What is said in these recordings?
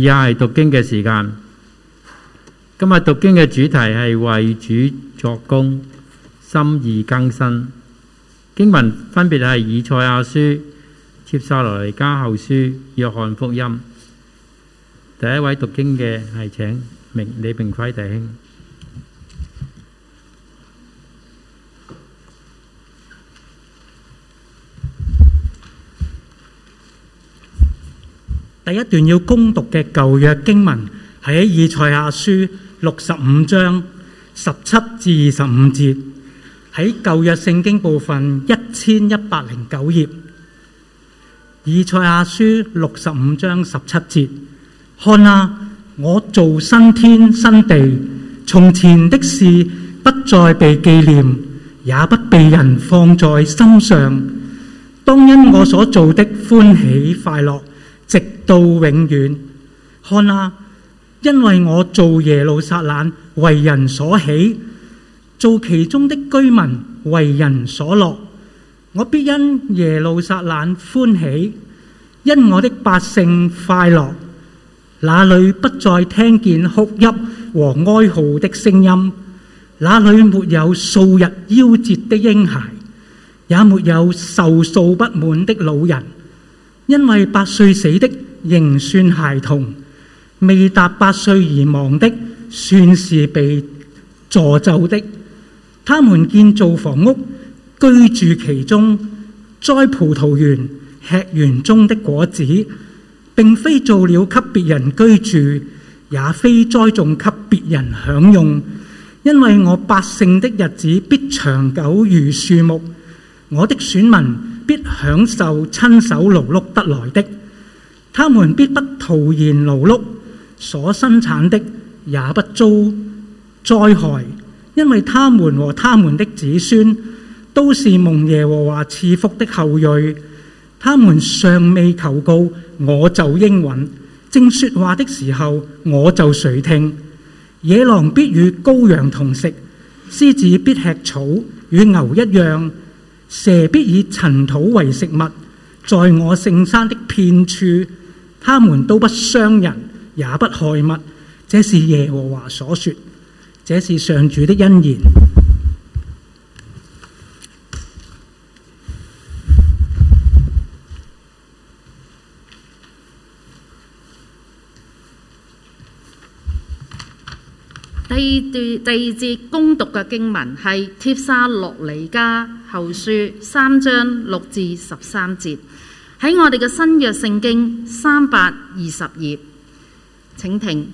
以下係讀經嘅時間。今日讀經嘅主題係為主作工，心意更新。經文分別係以賽亞書、帖撒羅尼迦後書、約翰福音。第一位讀經嘅係請明李明輝弟兄。第一段要恭讀嘅舊約經文係喺以賽亞書六十五章十七至二十五節，喺舊約聖經部分一千一百零九頁。以賽亞書六十五章十七節：「看啊，我造新天新地，從前的事不再被紀念，也不被人放在心上。當因我所做的歡喜快樂。直到永遠，看啦、啊，因為我做耶路撒冷，為人所喜；做其中的居民，為人所樂。我必因耶路撒冷歡喜，因我的百姓快樂。那裡不再聽見哭泣和哀號的聲音，那裡沒有數日夭折的嬰孩，也沒有壽數不滿的老人。因為八歲死的仍算孩童，未達八歲而亡的算是被助咒的。他們建造房屋居住其中，栽葡萄園吃園中的果子，並非造了給別人居住，也非栽種給別人享用。因為我百姓的日子必長久如樹木，我的選民。必享受親手勞碌得來的，他們必不徒然勞碌，所生產的也不遭災害，因為他們和他們的子孫都是蒙耶和華賜福的後裔。他們尚未求告，我就應允；正說話的時候，我就垂聽。野狼必與羔羊同食，獅子必吃草，與牛一樣。蛇必以塵土為食物，在我聖山的遍處，他們都不傷人，也不害物。這是耶和華所說，這是上主的恩言。第二節攻讀嘅經文係《帖撒洛尼加後書》三章六至十三節，喺我哋嘅新約聖經三百二十頁，請聽：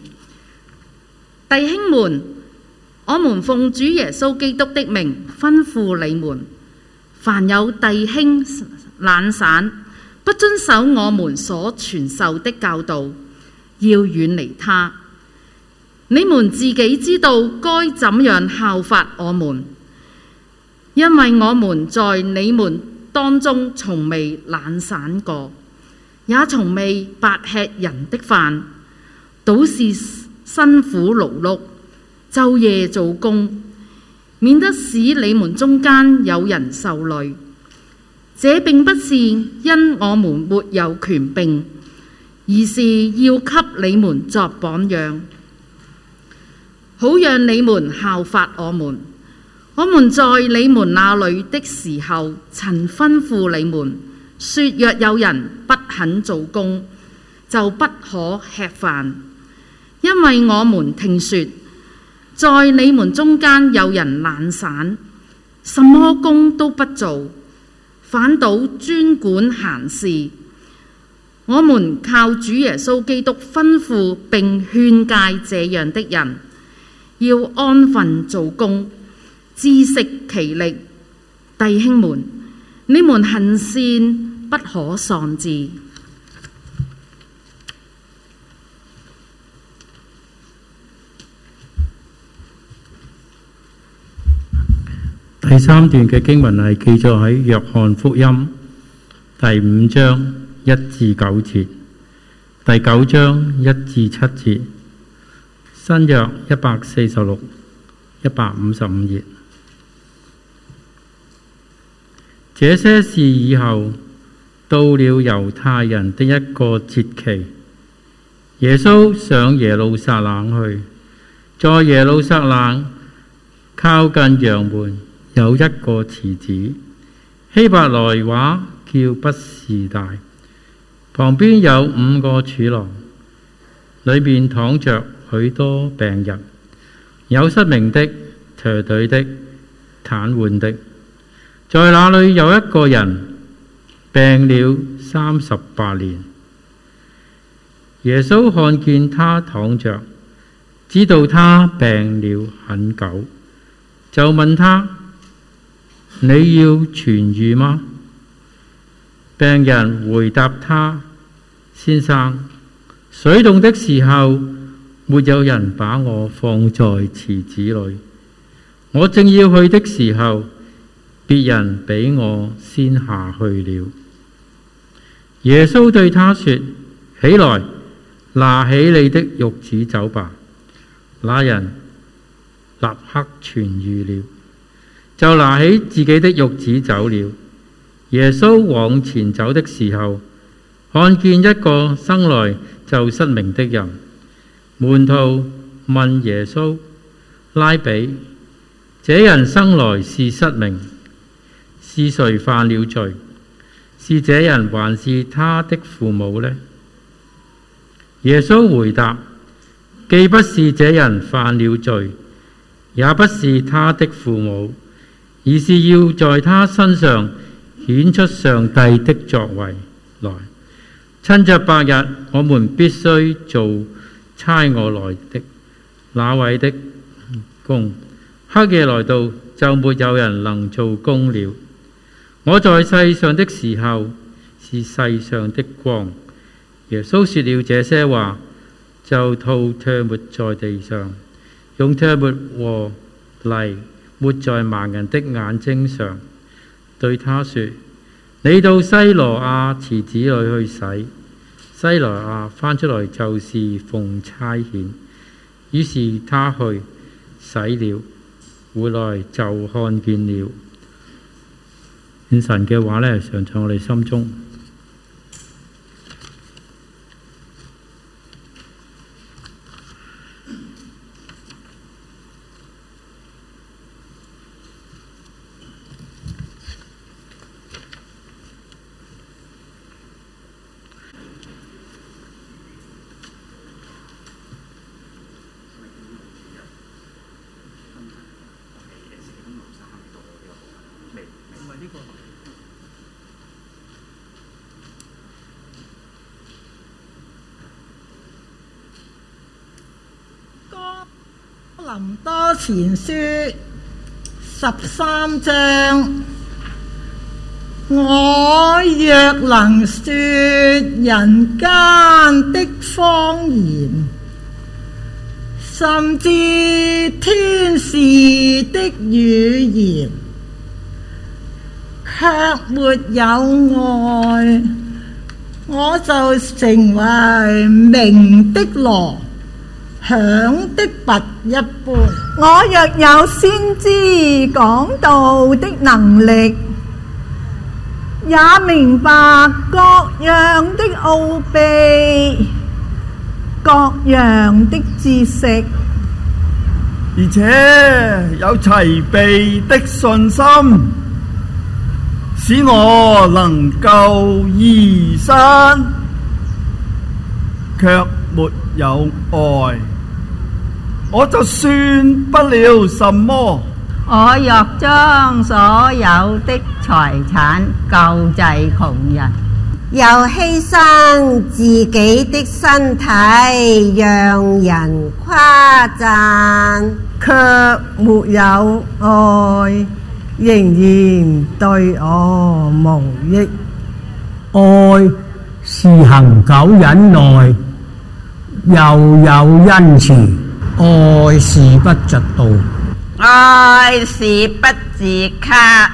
弟兄們，我們奉主耶穌基督的名吩咐你們，凡有弟兄懶散、不遵守我們所傳授的教導，要遠離他。你們自己知道該怎樣效法我們，因為我們在你們當中從未懶散過，也從未白吃人的飯，倒是辛苦勞碌，晝夜做工，免得使你們中間有人受累。這並不是因我們沒有權柄，而是要給你們作榜樣。好讓你們效法我們。我們在你們那裏的時候，曾吩咐你們說：若有人不肯做工，就不可吃飯。因為我們聽說，在你們中間有人懶散，什麼工都不做，反倒專管閒事。我們靠主耶穌基督吩咐並勸誡這樣的人。要安分做工，自食其力。弟兄們，你們行善不可喪志。第三段嘅經文係記載喺約翰福音第五章一至九節，第九章一至七節。新約一百四十六、一百五十五頁，這些事以後到了猶太人的一個節期，耶穌上耶路撒冷去，在耶路撒冷靠近羊門有一個池子，希伯來話叫畢士大，旁邊有五個柱廊，裏面躺着。許多病人有失明的、瘸腿的、癱瘓的，在那裏有一個人病了三十八年。耶穌看見他躺着，知道他病了很久，就問他：你要痊愈嗎？病人回答他：先生，水動的時候，沒有人把我放在池子裏，我正要去的時候，別人比我先下去了。耶穌對他說：起來，拿起你的褥子走吧。那人立刻痊愈了，就拿起自己的褥子走了。耶穌往前走的時候，看見一個生來就失明的人。門徒問耶穌：拉比，這人生來是失明，是誰犯了罪？是這人還是他的父母呢？耶穌回答：既不是這人犯了罪，也不是他的父母，而是要在他身上顯出上帝的作為來。趁着白日，我們必須做。差我來的那位的工？黑夜來到，就沒有人能做工了。我在世上的時候是世上的光。耶穌説了這些話，就吐唾沫在地上，用唾沫、erm、和泥抹在盲人的眼睛上，對他説：你到西羅亞池子裏去洗。西羅亞、啊、翻出來就是奉差遣，於是他去洗了，回來就看見了。願神嘅話呢，常在我哋心中。十三章，我若能說人間的方言，甚至天使的語言，卻沒有愛，我就成為鳴的鑼，響的鈸一般。我若有先知講道的能力，也明白各樣的奧秘、各樣的知識，而且有齊備的信心，使我能夠移山，卻沒有愛。我就算不了什麼。我若將所有的財產救濟窮人，又犧牲自己的身體讓人誇讚，卻沒有愛，仍然對我無益。愛是恒久忍耐，又有恩慈。愛是不嫉妒，愛是不自誇，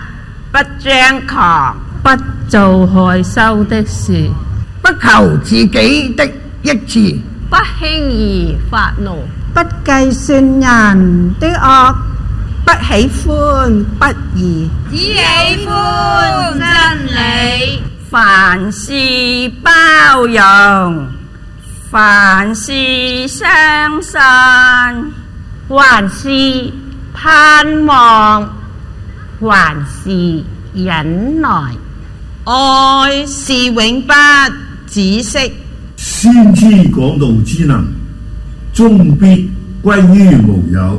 不張狂，不做害羞的事，不求自己的益處，不輕易發怒，不計算人的惡，不喜歡不義，只喜歡真理，凡事包容。凡事相信，凡事盼望，凡事忍耐。愛是永不止息。先知講道之能，終必歸於無有；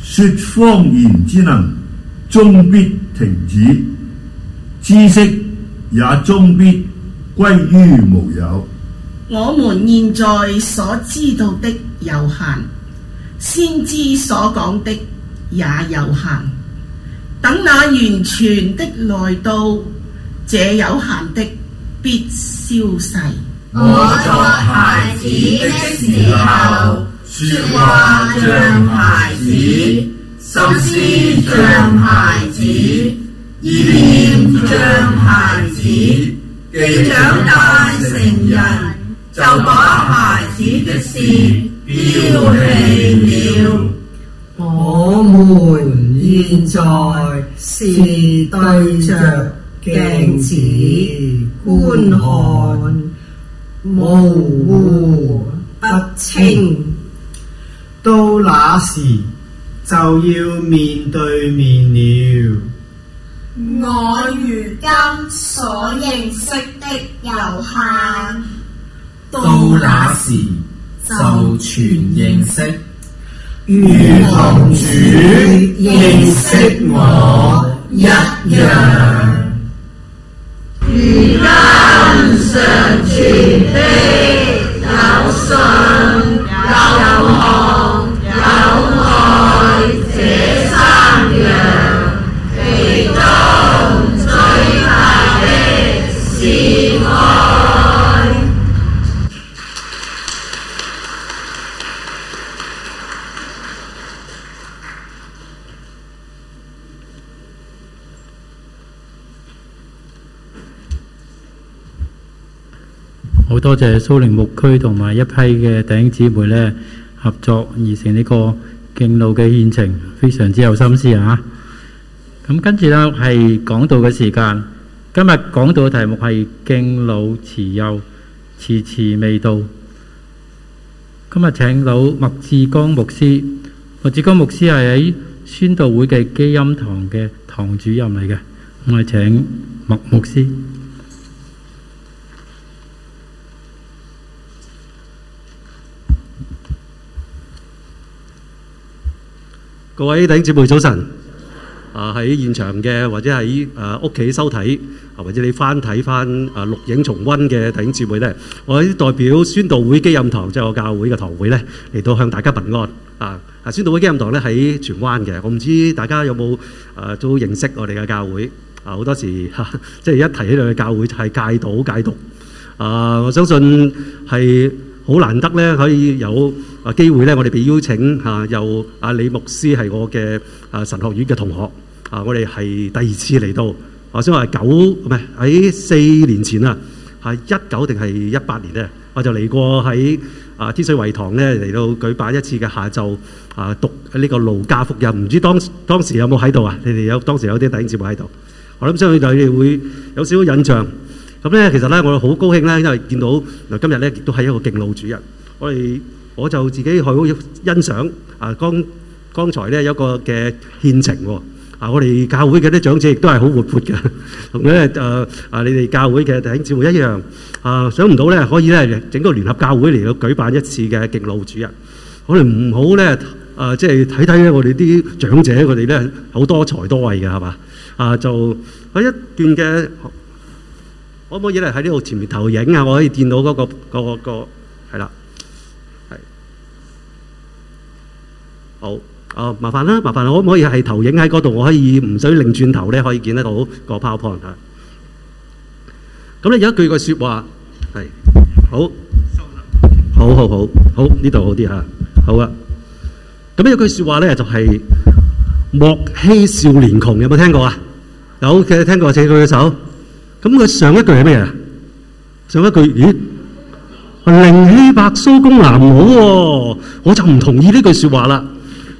說方言之能，終必停止；知識也終必歸於無有。我們現在所知道的有限，先知所講的也有限。等那完全的來到，這有限的必消逝。我做孩子的時候，說話像孩子，心思像孩子，意念像孩子，既長大成人。就把孩子的事丟棄了。我們現在是對着鏡子觀看，模糊不清。到那時就要面對面了。我如今所認識的有限。到那時就全認識，如同主認識我一樣。如今常存的有信。多謝蘇寧牧區同埋一批嘅弟兄姊妹咧合作，而成呢個敬老嘅獻程，非常之有心思啊！咁、嗯、跟住咧係講道嘅時間，今日講道嘅題目係敬老慈幼，池池未到。今日請到麥志江牧師，麥志江牧師係喺宣道會嘅基音堂嘅堂主任嚟嘅，我係請麥牧師。各位弟兄姊妹早晨！啊，喺現場嘅或者喺誒屋企收睇，或者你翻睇翻誒錄影重温嘅弟兄姊妹呢，我代表宣道會基任堂，即係我教會嘅堂會呢，嚟到向大家問安啊！啊，宣道會基任堂咧喺荃灣嘅，我唔知大家有冇誒都認識我哋嘅教會啊？好多時，啊，即係一提起我哋嘅教會就係戒賭戒毒啊！我相信係。好難得呢，可以有啊機會咧，我哋被邀請嚇，又、啊、阿李牧師係我嘅啊神學院嘅同學啊，我哋係第二次嚟到。我先話係九唔係喺四年前啊，係一九定係一八年咧，我就嚟過喺啊天水圍堂咧嚟到舉辦一次嘅下晝啊讀呢、這個路加福音，唔知當當時有冇喺度啊？你哋有當時有啲弟兄姊妹喺度，我諗相信你哋會有少少印象。咁咧，其實咧，我好高興咧，因為見到嗱，今日咧亦都係一個敬老主日，我哋我就自己好欣賞啊。剛剛才咧有一個嘅獻情喎，啊，我哋教會嘅啲長者亦都係好活潑嘅，同咧誒啊，你哋教會嘅弟兄姊妹一樣啊，想唔到咧可以咧整個聯合教會嚟到舉辦一次嘅敬老主日，我哋唔好咧誒，即係睇睇我哋啲長者，我哋咧好多才多藝嘅係嘛啊，就喺一段嘅。可唔可以嚟喺呢度前面投影啊？我可以見到嗰個嗰個嗰個係啦，係好啊！麻煩啦，麻煩啦！可唔可以係投影喺嗰度？我可以唔使擰轉頭咧，可以見得到個 PowerPoint 啊！咁咧有一句嘅説話係好，好好好好呢度好啲呀，好啊！咁有句説話咧就係莫欺少年窮，有冇聽過啊？有嘅聽過，請舉手。咁佢上一句係咩啊？上一句，咦，話寧欺白鬚公，唔好喎、哦，我就唔同意呢句説話啦。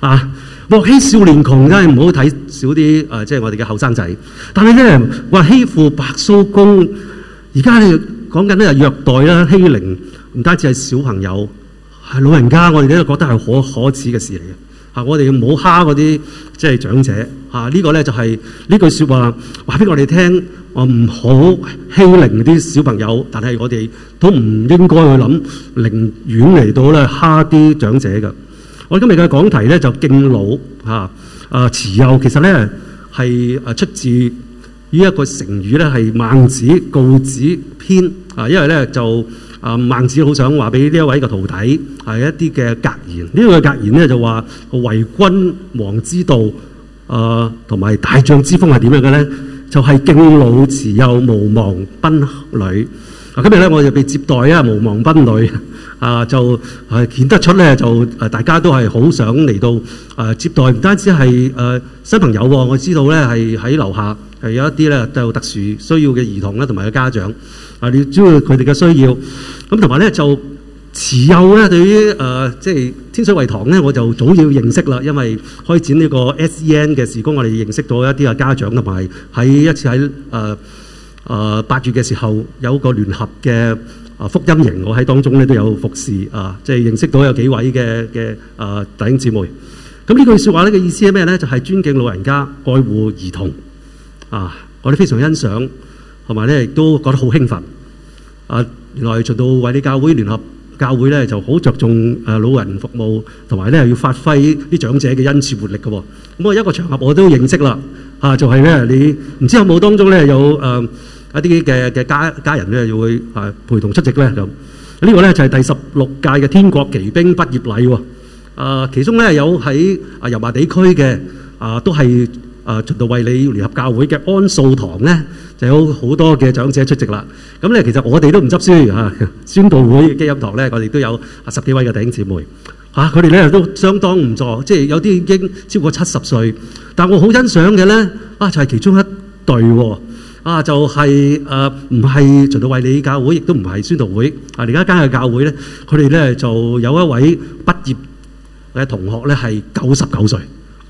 啊，莫欺少年窮，梗係唔好睇少啲。誒、呃，即係我哋嘅後生仔，但係咧話欺負白鬚公，而家你講緊咧係虐待啦，欺凌，唔單止係小朋友，係老人家，我哋都覺得係可可恥嘅事嚟嘅。嚇、啊！我哋唔好蝦嗰啲即係長者嚇，啊這個、呢個咧就係、是、呢句説話話俾我哋聽，我唔好欺凌啲小朋友，但係我哋都唔應該去諗，寧遠嚟到咧蝦啲長者嘅。我哋今日嘅講題咧就敬老嚇，啊、呃、慈幼其實咧係啊出自於一個成語咧係孟子告子篇啊，因為咧就。啊！孟子好想話俾呢一位嘅徒弟係一啲嘅格言。呢個格言咧就話：為君王之道，啊、呃，同埋大將之風係點樣嘅咧？就係、是、敬老慈幼，無忘賓旅。啊！今日咧，我就被接待啊，無忘賓旅。啊，就係見、啊、得出咧，就、啊、大家都係好想嚟到啊接待。唔單止係誒、啊、新朋友，我知道咧係喺樓下係有一啲咧都有特殊需要嘅兒童咧，同埋嘅家長。啊！你要知道佢哋嘅需要，咁同埋呢，就慈幼呢。對於誒、呃、即係天水圍堂呢，我就早要認識啦，因為開展呢個 SEN 嘅事工，我哋認識到一啲啊家長同埋喺一次喺誒誒八月嘅時候有個聯合嘅啊福音營，我喺當中咧都有服侍啊，即係認識到有幾位嘅嘅啊弟兄姊妹。咁呢句説話咧嘅意思係咩呢？就係、是、尊敬老人家，愛護兒童啊！我哋非常欣賞。同埋咧，亦都覺得好興奮。啊，原來循道衛理教會聯合教會咧，就好着重誒、啊、老人服務，同埋咧要發揮啲長者嘅恩賜活力嘅、哦。咁啊，一個場合我都認識啦，嚇、啊、就係、是、咧，你唔知有冇當中咧有誒、啊、一啲嘅嘅家家人咧，要去誒、啊、陪同出席咧咁呢、啊這個咧就係、是、第十六屆嘅天國奇兵畢業禮喎、哦。啊，其中咧有喺啊油麻地區嘅啊，都係。啊！循道衛理聯合教會嘅安素堂咧，就有好多嘅長者出席啦。咁咧，其實我哋都唔執輸嚇、啊、宣道會基音堂咧，我哋都有啊十幾位嘅弟兄姊妹嚇，佢哋咧都相當唔錯，即係有啲已經超過七十歲。但我好欣賞嘅咧，啊，就係、是、其中一隊喎、啊。啊，就係誒唔係循道衛理教會，亦都唔係宣道會啊。而家間嘅教會咧，佢哋咧就有一位畢業嘅同學咧，係九十九歲。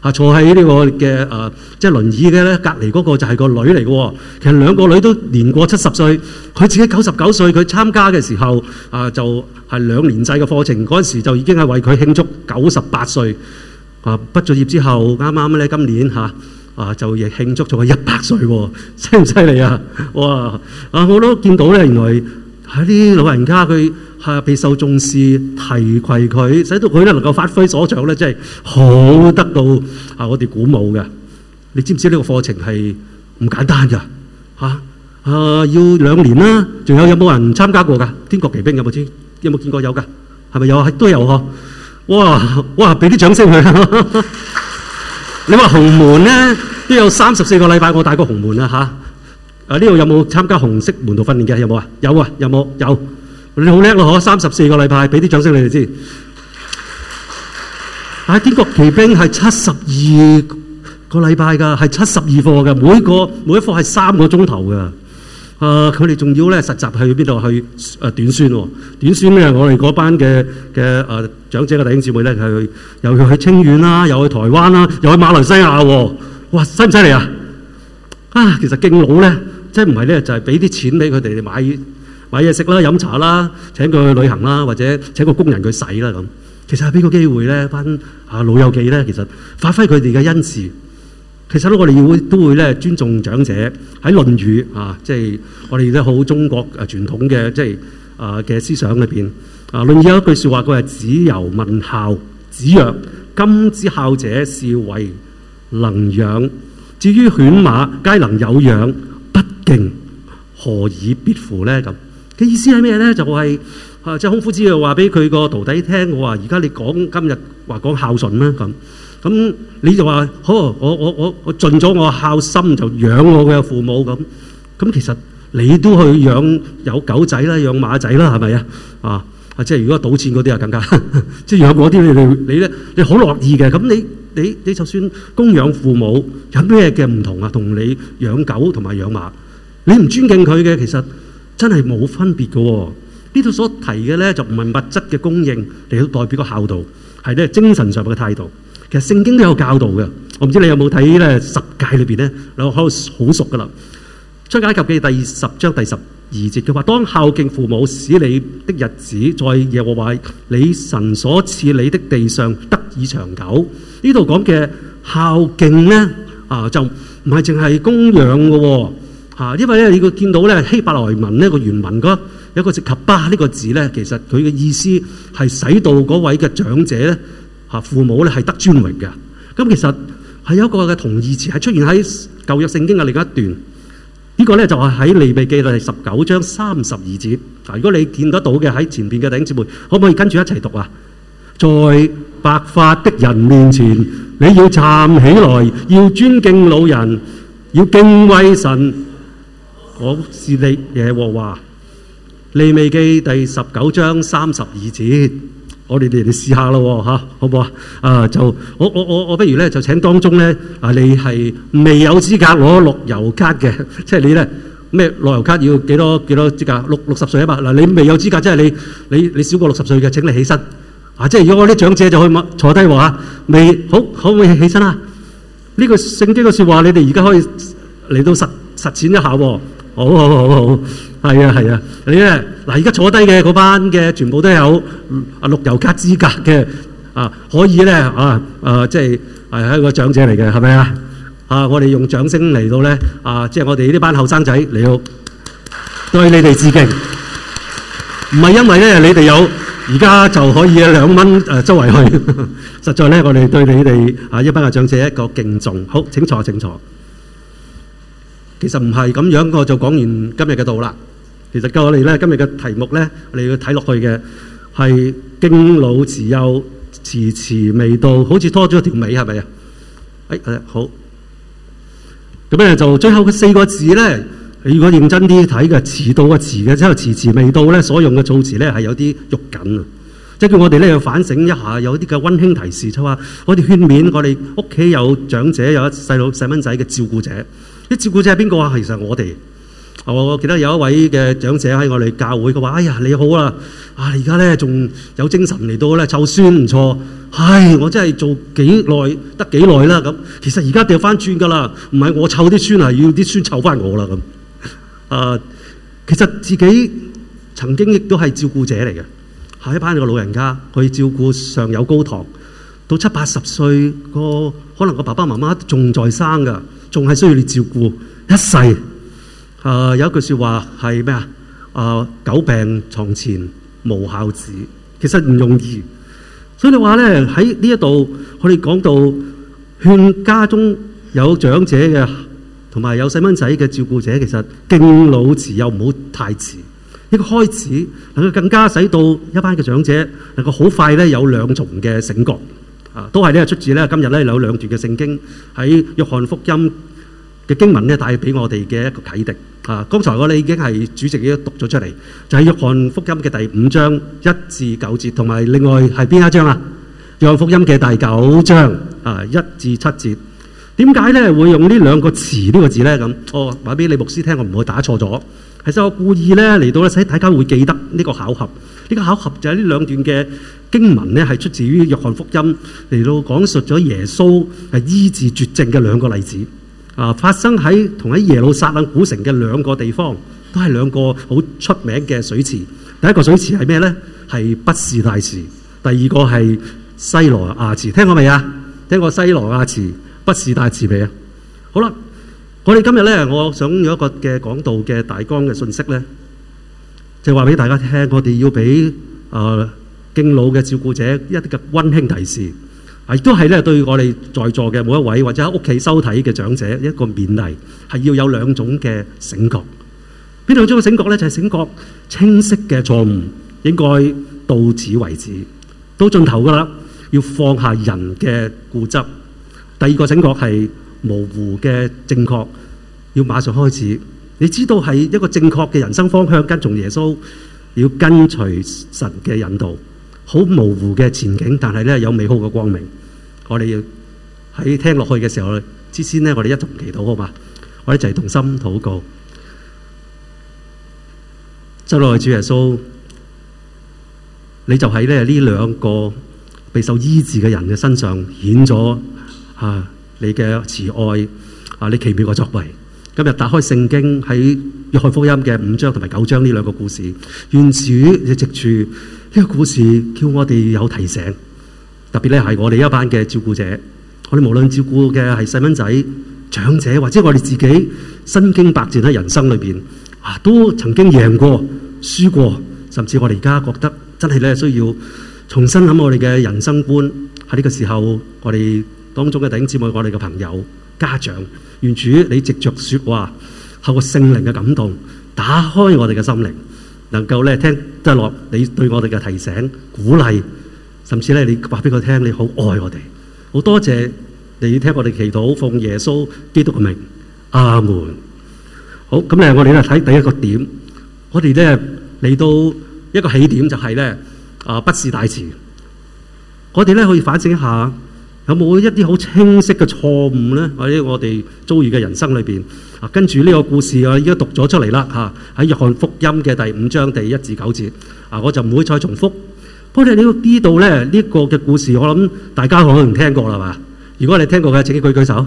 嚇，坐喺呢個嘅誒、呃，即係輪椅嘅咧，隔離嗰個就係個女嚟嘅喎。其實兩個女都年過七十歲，佢自己九十九歲，佢參加嘅時候啊、呃，就係、是、兩年制嘅課程，嗰陣時就已經係為佢慶祝九十八歲。啊，畢咗業之後，啱啱咧今年嚇啊，就亦慶祝咗佢一百歲、哦，犀唔犀利啊？哇！啊，我都見到咧，原來喺啲老人家佢備受重視提攜佢，使到佢能夠發揮所長咧，真係好得到、啊、我哋鼓舞嘅。你知唔知呢個課程係唔簡單㗎？嚇啊，啊！要兩年啦。仲有有冇人參加過㗎？天國奇兵有冇知有冇見過有㗎？係咪有？都有、啊、呵，呵。哇哇！俾啲掌聲佢。你話紅門呢，都有三十四個禮拜，我帶過紅門啦嚇。啊！呢、啊、度有冇參加紅色門徒訓練嘅？有冇啊？有啊！有冇？有。你好叻咯，嗬！三十四個禮拜，俾啲掌聲你哋先。啊，天國奇兵係七十二個禮拜噶，係七十二課嘅，每個每一課係三個鐘頭嘅。啊、呃，佢哋仲要咧實習去邊度去啊短宣喎？短宣咧、哦，我哋嗰班嘅嘅啊長者嘅弟兄姊妹咧，係去又去去清遠啦、啊，又去台灣啦、啊，又去馬來西亞喎、啊。哇，犀唔犀利啊？啊，其實敬老咧，真唔係咧，就係俾啲錢俾佢哋買。買嘢食啦、飲茶啦、請佢去旅行啦，或者請個工人去洗啦咁。其實係畀個機會咧？班老友記咧，其實發揮佢哋嘅恩慈。其實我哋要都會尊重長者喺《論語》啊，即、就、係、是、我哋而家好中國啊傳統嘅、就是啊、思想裏面，啊，《論語》有一句説話，佢係子游問孝，子曰：今之孝者，是為能養；至於犬馬，皆能有養，不敬，何以別乎呢？咧咁。嘅意思係咩咧？就係、是、啊，即係孔夫子又話俾佢個徒弟聽，我話而家你講今日話講孝順啦，咁，咁你就話，好，我我我我盡咗我孝心就養我嘅父母咁，咁其實你都去養有狗仔啦，養馬仔啦，係咪啊？啊啊，即係如果賭錢嗰啲啊，更加呵呵即係養嗰啲你你你咧，你好樂意嘅，咁你你你就算供養父母有咩嘅唔同啊？同你養狗同埋養馬，你唔尊敬佢嘅其實。真係冇分別嘅喎，呢度所提嘅咧就唔係物質嘅供應，嚟到代表個孝道，係咧精神上嘅態度。其實聖經都有教導嘅，我唔知你有冇睇咧十誡裏邊咧，你好熟嘅啦。出埃及記第二十章第十二節，佢話：當孝敬父母，使你的日子在耶和華你神所賜你的地上得以長久。呢度講嘅孝敬咧啊，就唔係淨係供養嘅喎。嚇，因為咧，你會見到咧希伯來文咧個原文有一個字及巴呢個字咧，其實佢嘅意思係使到嗰位嘅長者咧嚇父母咧係得尊榮嘅。咁其實係有一個嘅同義詞係出現喺舊約聖經嘅另一段。呢個咧就係喺利未記第十九章三十二節。嗱，如果你見得到嘅喺前邊嘅弟兄姊妹，可唔可以跟住一齊讀啊？在白髮的人面前，你要站起來，要尊敬老人，要敬畏神。我是你耶和華，利未記第十九章三十二節，我哋嚟嚟試下啦吓，好唔好啊？啊就我我我我不如咧就請當中咧啊你係未有資格攞樂悠咭嘅，即係你咧咩樂悠咭要幾多幾多資格？六六十歲啊嘛嗱，你未有資格，即係你你你少過六十歲嘅，請你起身啊！即係如果我啲長者就可以坐低喎吓，未好可唔可以起身啊？呢句聖經嘅說話，你哋而家可以嚟到實實踐一下喎啊。好好好好，係啊係啊，你咧嗱，而家坐低嘅嗰班嘅全部都有啊綠油卡資格嘅啊，可以咧啊啊，即係係一個長者嚟嘅，係咪啊？啊，我哋用掌聲嚟到咧啊，即係我哋呢班後生仔嚟到對你哋致敬，唔係因為咧你哋有而家就可以兩蚊誒周圍去，實在咧我哋對你哋啊一班嘅長者一個敬重，好，請坐請坐。其實唔係咁樣，我就講完今日嘅道啦。其實我哋咧今日嘅題目呢，我哋要睇落去嘅係敬老慈幼，池池未到，好似拖咗條尾係咪啊？誒、哎、好。咁咧就最後嘅四個字呢。如果認真啲睇個遲到嘅遲，之後遲遲未到呢，所用嘅措辭呢係有啲肉緊啊。即係叫我哋咧，要反省一下，有啲嘅溫馨提示，佢話：我哋勸勉我哋屋企有長者，有細佬細蚊仔嘅照顧者。啲照顧者係邊個啊？其實我哋，我記得有一位嘅長者喺我哋教會，嘅話：哎呀，你好啊！啊，而家咧仲有精神嚟到咧，湊孫唔錯。唉，我真係做幾耐得幾耐啦咁。其實而家掉翻轉㗎啦，唔係我湊啲孫啊，要啲孫湊翻我啦咁。啊，其實自己曾經亦都係照顧者嚟嘅。下一班個老人家，去照顧上有高堂，到七八十歲，個可能個爸爸媽媽仲在生㗎，仲係需要你照顧一世。誒、呃、有一句説話係咩啊？誒久、呃、病床前無孝子，其實唔容易。所以你話呢，喺呢一度，我哋講到勸家中有長者嘅同埋有細蚊仔嘅照顧者，其實敬老慈幼唔好太遲。一個開始能夠更加使到一班嘅長者能夠好快呢有兩重嘅醒覺啊，都係呢出自呢今日呢有兩段嘅聖經喺約翰福音嘅經文呢帶俾我哋嘅一個啟迪啊。剛才我哋已經係主席已經讀咗出嚟，就係約翰福音嘅第五章一至九節，同埋另外係邊一章啊？約翰福音嘅第九章啊，一至七節。點解呢會用呢兩個詞呢個字呢咁？哦，話俾你牧師聽，我唔會打錯咗。其實我故意呢，嚟到呢，使大家會記得呢個巧合。呢、這個巧合就係呢兩段嘅經文呢係出自於約翰福音嚟到講述咗耶穌係醫治絕症嘅兩個例子。啊，發生喺同喺耶路撒冷古城嘅兩個地方，都係兩個好出名嘅水池。第一個水池係咩呢？係畢士大池。第二個係西羅亞池。聽過未啊？聽過西羅亞池、畢士大池未啊？好啦。我哋今日咧，我想有一個嘅講道嘅大綱嘅信息咧，就話俾大家聽，我哋要俾，呃、敬老嘅照顧者一個溫馨提示，啊亦都係咧對我哋在座嘅每一位或者喺屋企收睇嘅長者一個勉勵，係要有兩種嘅醒覺。邊兩種醒覺呢？就係、是、醒覺清晰嘅錯誤應該到此為止，到盡頭噶啦，要放下人嘅固執。第二個醒覺係。模糊嘅正確，要馬上開始。你知道係一個正確嘅人生方向，跟從耶穌，要跟隨神嘅引導。好模糊嘅前景，但係呢，有美好嘅光明。我哋要喺聽落去嘅時候咧，之先呢，我哋一同祈禱好嘛？我哋一齊同心禱告。真愛主耶穌，你就喺咧呢兩個被受醫治嘅人嘅身上顯咗啊！你嘅慈愛啊！你奇妙嘅作為，今日打開聖經喺約翰福音嘅五章同埋九章呢兩個故事，願主你藉住呢個故事叫我哋有提醒。特別咧係我哋一班嘅照顧者，我哋無論照顧嘅係細蚊仔、長者，或者我哋自己身經百戰喺人生裏邊啊，都曾經贏過、輸過，甚至我哋而家覺得真係咧需要重新諗我哋嘅人生觀。喺呢個時候，我哋，當中嘅弟兄姊妹，我哋嘅朋友、家長、原主，你藉著説話，透過聖靈嘅感動，打開我哋嘅心靈，能夠咧聽得落你對我哋嘅提醒、鼓勵，甚至你話俾佢聽，你好愛我哋，好多謝你聽我哋祈禱，奉耶穌基督嘅名，阿門。好，咁我哋咧睇第一個點，我哋呢，嚟到一個起點就係呢，啊，不是大詞，我哋呢，可以反省一下。有冇一啲好清晰嘅錯誤咧？或者我哋遭遇嘅人生裏邊啊，跟住呢個故事啊，已經讀咗出嚟啦嚇，喺約翰福音嘅第五章第一至九節啊，我就唔會再重複。不過你要知道咧，呢、呢個嘅故事，我諗大家可能聽過啦嘛。如果你聽過嘅，請舉舉手。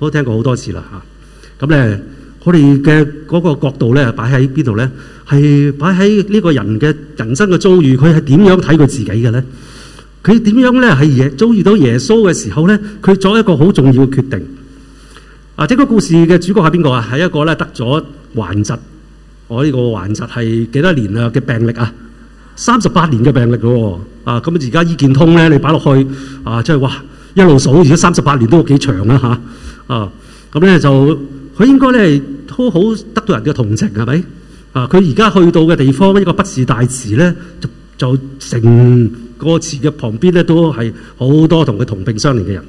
我都聽過好多次啦嚇。咁、啊、咧、嗯，我哋嘅嗰個角度咧，擺喺邊度咧？係擺喺呢個人嘅人生嘅遭遇，佢係點樣睇佢自己嘅咧？佢點樣咧？喺耶遭遇到耶穌嘅時候咧，佢做一個好重要嘅決定。啊！呢個故事嘅主角係邊個啊？係一個咧得咗患疾。我呢個患疾係幾多年啊嘅病歷啊？三十八年嘅病歷咯、啊。啊咁！而家醫健通咧，你擺落去啊，即係話一路數，而家三十八年都幾長啦、啊、吓，啊咁咧、啊嗯，就佢應該咧都好得到人嘅同情，係咪啊？佢而家去到嘅地方呢個畢士大池咧，就就成個池嘅旁邊咧，都係好多同佢同病相憐嘅人。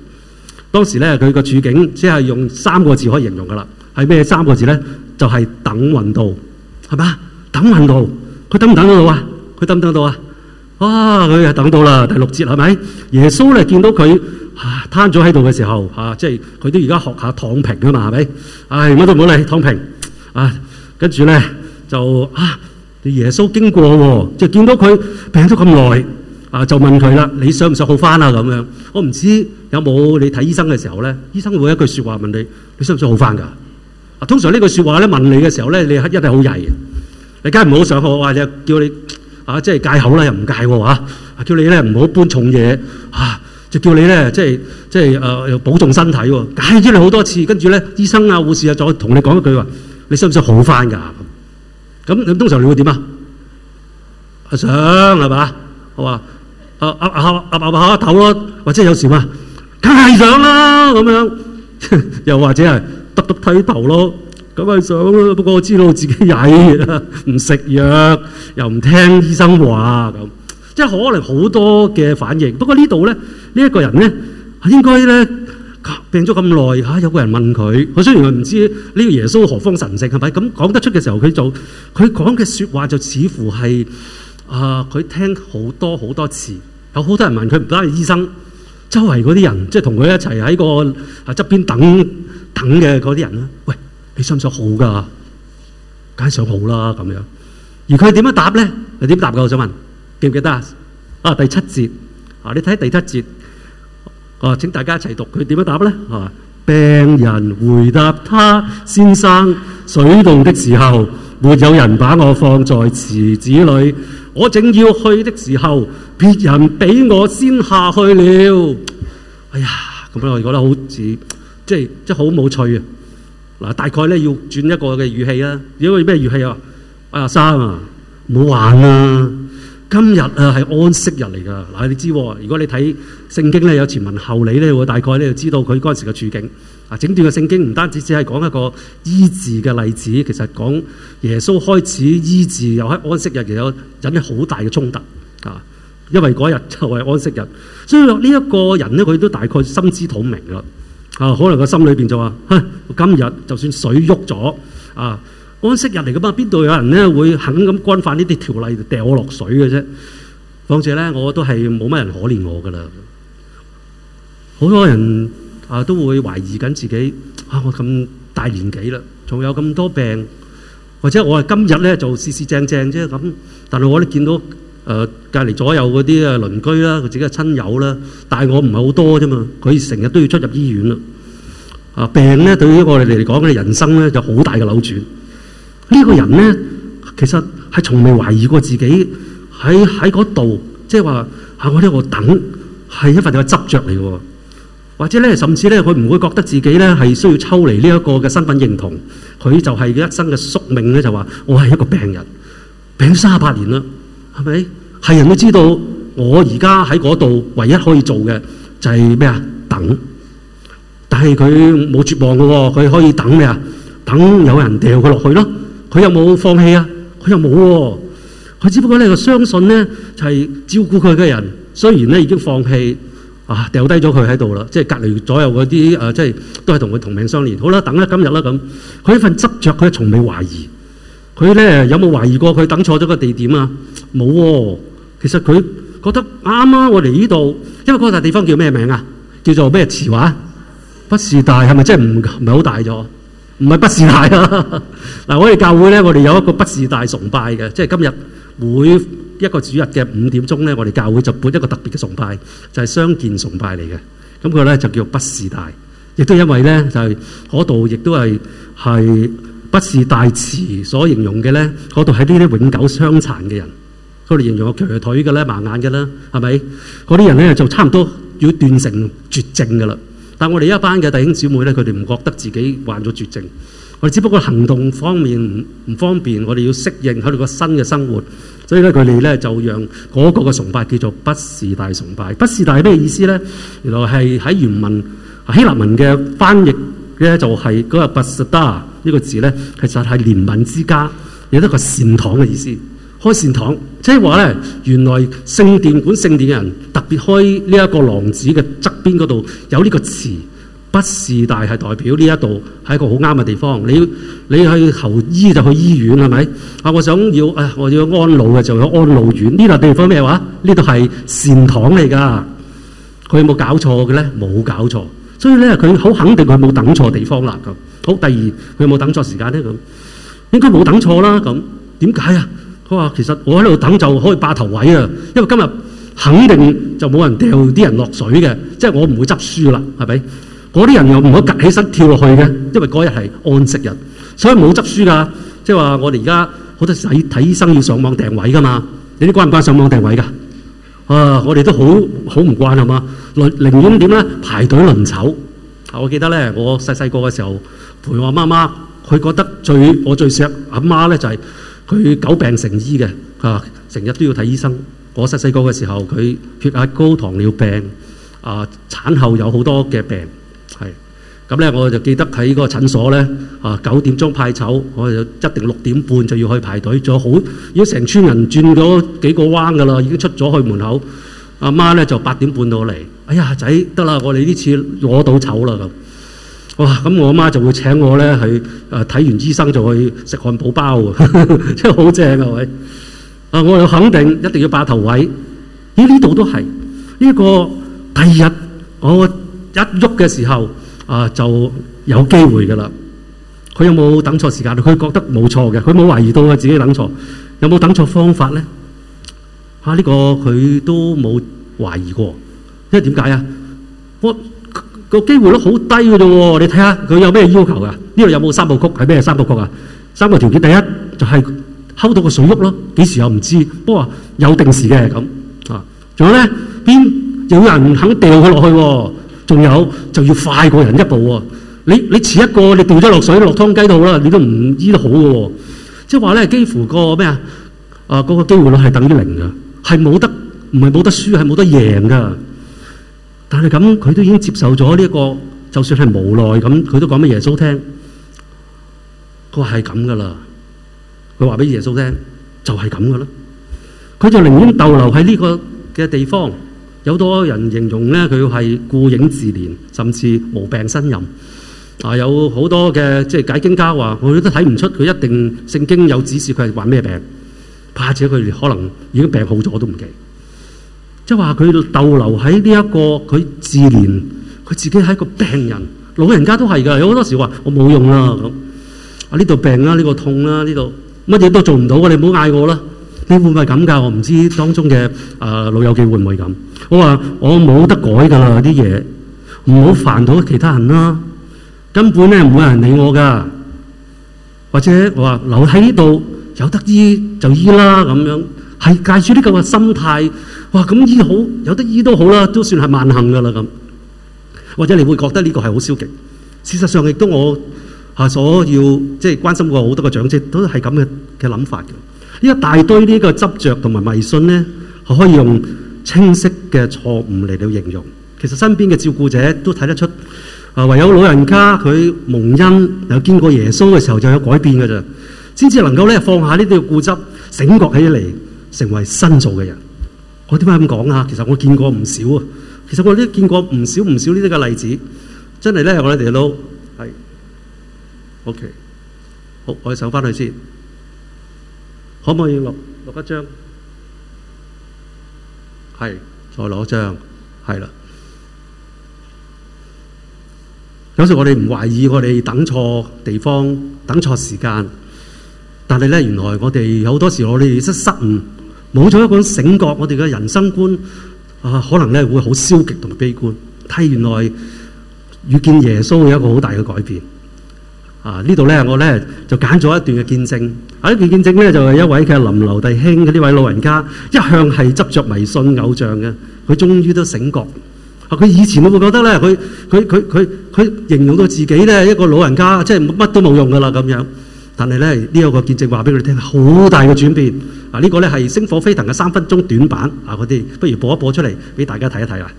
當時咧，佢個處境即係用三個字可以形容噶啦，係咩三個字咧？就係、是、等運到，係嘛？等運到，佢等唔等到到啊？佢等唔等到啊？啊！佢又等到啦。第六節係咪耶穌咧？見到佢攤咗喺度嘅時候啊，即係佢都而家學下躺平噶嘛，係咪？唉、哎，我都唔好理躺平啊。跟住咧就啊，耶穌經過，就、啊、見到佢病咗咁耐。啊！就問佢啦，你想唔想好翻啊？咁樣，我唔知有冇你睇醫生嘅時候咧，醫生會一句説話問你：你想唔想好翻㗎？啊，通常呢句説話咧問你嘅時候咧，你一定好曳嘅，你梗係唔好想好翻啊，啊！叫你啊，即係戒口啦，又唔戒喎嚇，叫你咧唔好搬重嘢嚇、啊，就叫你咧即係即係誒、呃、保重身體喎，嗌咗你好多次，跟住咧醫生啊、護士啊，再同你講一句話：你想唔想好翻㗎？咁咁通常你會點啊？想係嘛？好啊！阿阿阿阿阿阿頭咯，或者有時嘛梗係想啦咁樣，又或者係耷耷睇頭咯，咁、就、咪、是、想啦。不過我知道自己曳啦，唔食藥又唔聽醫生話咁，即係可能好多嘅反應。不過呢度咧，呢、這、一個人咧應該咧病咗咁耐嚇，有個人問佢，佢雖然唔知呢個耶穌何方神聖係咪咁講得出嘅時候，佢就佢講嘅説話就似乎係啊，佢、哦、聽好多好多次。有好多人問佢唔單係醫生，周圍嗰啲人，即係同佢一齊喺個啊側邊等等嘅嗰啲人咧，喂，你想唔想好噶？梗係想好啦咁樣。而佢點樣答咧？又點答嘅？我想問，記唔記得啊？第七節啊，你睇第七節啊。請大家一齊讀佢點樣答咧嚇。病人回答他：先生，水動的時候，沒有人把我放在池子裏。我正要去的時候，別人俾我先下去了。哎呀，咁樣我覺得好似即係即係好冇趣啊！嗱，大概咧要轉一個嘅語氣啦。如果咩語氣啊？阿生啊，唔好、啊、玩啦、啊！今日啊係安息日嚟㗎。嗱，你知、啊，如果你睇聖經咧有前文後理咧，我大概咧就知道佢嗰時嘅處境。啊，整段嘅聖經唔單止只係講一個醫治嘅例子，其實講耶穌開始醫治又喺安息日，其實有引起好大嘅衝突啊！因為嗰日就係安息日，所以呢一個人咧，佢都大概心知肚明啦啊！可能個心裏邊就話，嚇今日就算水喐咗啊，安息日嚟噶嘛，邊度有人咧會肯咁干犯呢啲條例掉我落水嘅啫？況且咧，我都係冇乜人可憐我噶啦，好多人。啊，都會懷疑緊自己嚇、啊，我咁大年紀啦，仲有咁多病，或者我係今日咧就試試正正啫咁。但係我咧見到誒隔離左右嗰啲啊鄰居啦，自己嘅親友啦，大我唔係好多啫嘛。佢成日都要出入醫院啦、啊。啊，病咧對於我哋嚟講嘅人生咧就好大嘅扭轉。呢、呢個人咧，其實係從未懷疑過自己喺喺嗰度，即係話喺呢個我等係一份嘅執着嚟㗎。或者咧，甚至咧，佢唔會覺得自己咧係需要抽離呢一個嘅身份認同，佢就係一生嘅宿命咧，就話我係一個病人病，病咗三十八年啦，係咪？係人都知道，我而家喺嗰度唯一可以做嘅就係咩啊？等。但係佢冇絕望嘅喎、哦，佢可以等咩啊？等有人掉佢落去咯。佢又冇放棄啊？佢又冇喎、哦。佢只不過呢就相信咧就係、是、照顧佢嘅人，雖然咧已經放棄。啊！掉低咗佢喺度啦，即係隔離左右嗰啲誒，即係都係同佢同命相連。好啦，等啦，今日啦咁。佢呢份執着，佢從未懷疑。佢咧有冇懷疑過佢等錯咗個地點啊？冇喎、哦。其實佢覺得啱啱、啊、我嚟呢度，因為嗰笪地方叫咩名啊？叫做咩池話？不是大係咪？即係唔唔係好大咗？唔係不是大啦、啊。嗱， 我哋教會咧，我哋有一個不是大崇拜嘅，即係今日會。一個主日嘅五點鐘咧，我哋教會就本一個特別嘅崇拜，就係、是、相見崇拜嚟嘅。咁佢咧就叫畢士大，亦都因為咧就係嗰度，亦都係係畢士大池所形容嘅咧。嗰度係呢啲永久傷殘嘅人，佢哋形容有瘸腿嘅咧、盲眼嘅啦，係咪？嗰啲人咧就差唔多要斷成絕症噶啦。但係我哋一班嘅弟兄姊妹咧，佢哋唔覺得自己患咗絕症。我哋只不過行動方面唔方便，我哋要適應佢哋個新嘅生活，所以呢，佢哋呢就讓嗰個嘅崇拜叫做畢士大崇拜。畢士大係咩意思呢？原來係喺原文、希臘文嘅翻譯咧，就係、是、嗰、那個畢士大呢個字呢，其實係憐憫之家，有一個善堂嘅意思，開善堂，即係話呢，原來聖殿管聖殿嘅人特別開呢一個廊子嘅側邊嗰度有呢個池。不時大係代表呢一度係一個好啱嘅地方。你你去求醫就去醫院係咪啊？我想要啊，我要安老嘅就去安老院。呢度地方咩話？呢度係善堂嚟㗎。佢有冇搞錯嘅咧？冇搞錯，所以咧佢好肯定佢冇等錯地方啦。咁好，第二佢有冇等錯時間咧？咁應該冇等錯啦。咁點解啊？佢話其實我喺度等就可以霸頭位啊，因為今日肯定就冇人掉啲人落水嘅，即係我唔會執輸啦。係咪？嗰啲人又唔好趷起身跳落去嘅，因為嗰日係安息日，所以冇執輸㗎。即係話我哋而家好多時睇醫生要上網訂位㗎嘛？你哋慣唔慣上網訂位㗎？Uh，我哋都好好唔慣係嘛？寧寧願點咧，排隊輪籌。我記得咧，我細細個嘅時候陪我媽媽，佢覺得最我最錫阿媽咧就係佢久病成醫嘅啊，成日都要睇醫生。我細細個嘅時候，佢血壓高、糖尿病啊、產後有好多嘅病。咁咧，我就記得喺個診所咧，啊，九點鐘派籌，我就一定六點半就要去排隊。仲有好已經成村人轉咗幾個彎㗎啦，已經出咗去門口。阿媽咧就八點半到嚟，哎呀，仔，得啦，我哋呢次攞到籌啦咁。哇！咁、啊、我阿媽就會請我咧去誒睇、啊、完醫生，就去食漢堡包， 真係好正㗎，位啊！我又肯定一定要霸頭位。咦，呢度都係呢個第二日我一喐嘅時候。啊，就有機會嘅啦。佢有冇等錯時間？佢覺得冇錯嘅，佢冇懷疑到佢自己等錯。有冇等錯方法咧？嚇、啊！呢、這個佢都冇懷疑過，因為點解啊？我個機會率好低嘅啫喎。你睇下佢有咩要求嘅？呢度有冇三部曲？係咩三部曲啊？三個條件，第一就係、是、溝到個水喐咯，幾時又唔知？不過有定時嘅咁啊。仲有咧，邊有人肯掉佢落去喎？仲有就要快過人一步喎！你你遲一個，你掉咗落水，落湯雞度啦，你都唔醫得好嘅喎！即係話咧，幾乎個咩啊？啊，嗰個機會率係等於零㗎，係冇得，唔係冇得輸，係冇得贏㗎。但係咁，佢都已經接受咗呢一個，就算係無奈咁，佢都講俾耶穌聽。佢話係咁噶啦，佢話俾耶穌聽，就係咁噶啦。佢就寧願逗留喺呢個嘅地方。有多人形容咧，佢係顧影自憐，甚至無病呻吟。啊，有好多嘅即係解經家話，佢都睇唔出佢一定聖經有指示佢係患咩病，怕且佢可能已經病好咗都唔奇。即係話佢逗留喺呢一個，佢自憐，佢自己係一個病人。老人家都係㗎，有好多時話我冇用啦咁，啊呢度病啦，呢、呢個痛啦，呢度乜嘢都做唔到嘅，你唔好嗌我啦。你會唔會咁噶？我唔知當中嘅誒、呃、老友記會唔會咁？我話我冇得改㗎啦，啲嘢唔好煩到其他人啦。根本咧唔會有人理我㗎，或者我話留喺呢度有得醫就醫啦，咁樣係介住呢個嘅心態，哇！咁醫好有得醫都好啦，都算係萬幸㗎啦咁。或者你會覺得呢個係好消極，事實上亦都我下、啊、所要即係關心過好多個長者都係咁嘅嘅諗法。呢一大堆呢個執着同埋迷信咧，係可以用清晰嘅錯誤嚟到形容。其實身邊嘅照顧者都睇得出啊、呃，唯有老人家佢、嗯、蒙恩有見過耶穌嘅時候，就有改變㗎咋，先至能夠咧放下呢啲固執，醒覺起嚟，成為新造嘅人。我點解咁講啊？其實我見過唔少啊。其實我哋都見過唔少唔少呢啲嘅例子，真係咧。我哋都係 OK 好，我哋收翻去先。可唔可以錄錄一張？係，再攞張，係啦。有時我哋唔懷疑，我哋等錯地方，等錯時間。但係呢，原來我哋好多時候我哋失誤失誤，冇咗一個醒覺，我哋嘅人生觀啊，可能呢會好消極同悲觀。睇原來遇見耶穌會有一個好大嘅改變。啊！呢度咧，我咧就揀咗一段嘅見證。啊，呢段見證咧就係一位嘅林劉弟兄嘅呢位老人家，一向係執着迷信偶像嘅，佢終於都醒覺。啊，佢以前會唔會覺得咧？佢佢佢佢佢形容到自己咧，一個老人家即係乜都冇用噶啦咁樣。但係咧，呢、這、一個見證話俾佢哋聽，好大嘅轉變。啊，這個、呢個咧係星火飛騰嘅三分鐘短版啊！嗰啲不如播一播出嚟俾大家睇一睇啦。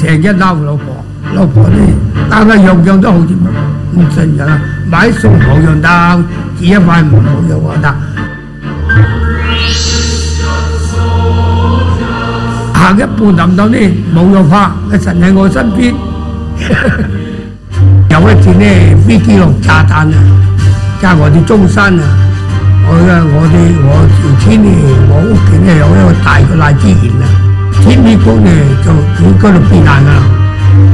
成日撈老婆，老婆咧，大家樣樣都好啲，唔信任啦。買餸好樣得，煮一飯唔好樣啊得。行一步諗到咧冇用怕，阿神喺我身邊。有一次咧，飛機落炸彈啊，炸我哋中山啊。我咧，我哋我條村咧，我屋企咧有一個大嘅荔枝園啊。天主教咧就喺嗰度避難啊，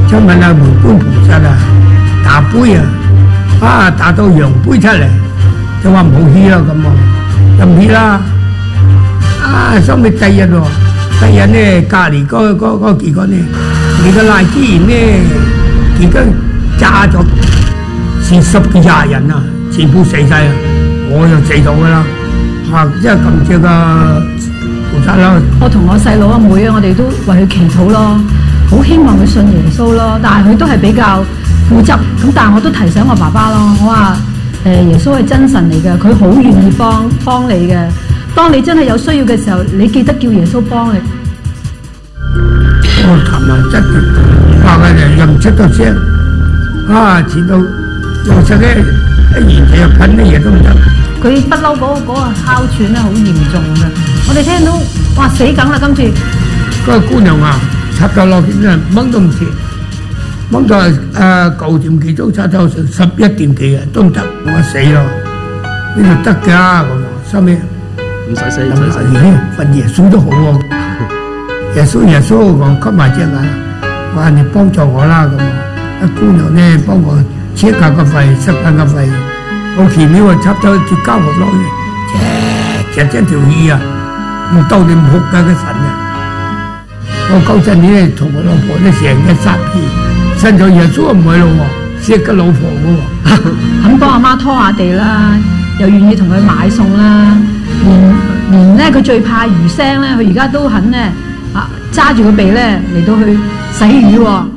請問下門官菩薩啊，打杯啊，啊打到陽杯出嚟，就話唔好掀咯咁啊，唔掀啦。啊，收尾第二日喎，第二日咧隔籬嗰嗰嗰幾個咧，幾個荔枝園咧，已經炸咗，死十幾廿人啊，全部死晒啊，我又死咗噶啦，吓即係咁少啦。我同我細佬阿妹啊，我哋都為佢祈禱咯，好希望佢信耶穌咯。但係佢都係比較固執咁，但係我都提醒我爸爸咯，我話誒耶穌係真神嚟嘅，佢好願意幫幫你嘅。當你真係有需要嘅時候，你記得叫耶穌幫你。我琴日真係，話嘅人唔出到聲。啊，前度又出嘅，以前又噴啲嘢，都唔得。」佢不嬲嗰嗰個哮喘咧，好嚴重噶。我哋聽到哇死梗啦，今次嗰個姑娘呀插頭落去啊，掹都唔切，掹咗誒九點幾鐘插頭，十一點幾嘅都唔得，我死咯。呢度得㗎，我心諗唔使死，唔使死，瞓夜耶穌都好喎。耶穌耶穌，我吸埋隻眼，話你幫助我啦，咁啊姑娘咧幫我車架個肺，插頭個肺。我前面我七千九百蚊，借借借條意啊！我你定仆㗎嗰神啊！我九十年同我老婆咧成日都執皮，生咗耶穌唔係咯喎，即係錫老婆喎。 肯幫阿媽拖下地啦，又願意同佢買餸啦，連連咧佢最怕魚腥咧，佢而家都肯咧啊揸住個鼻咧嚟到去洗魚喎。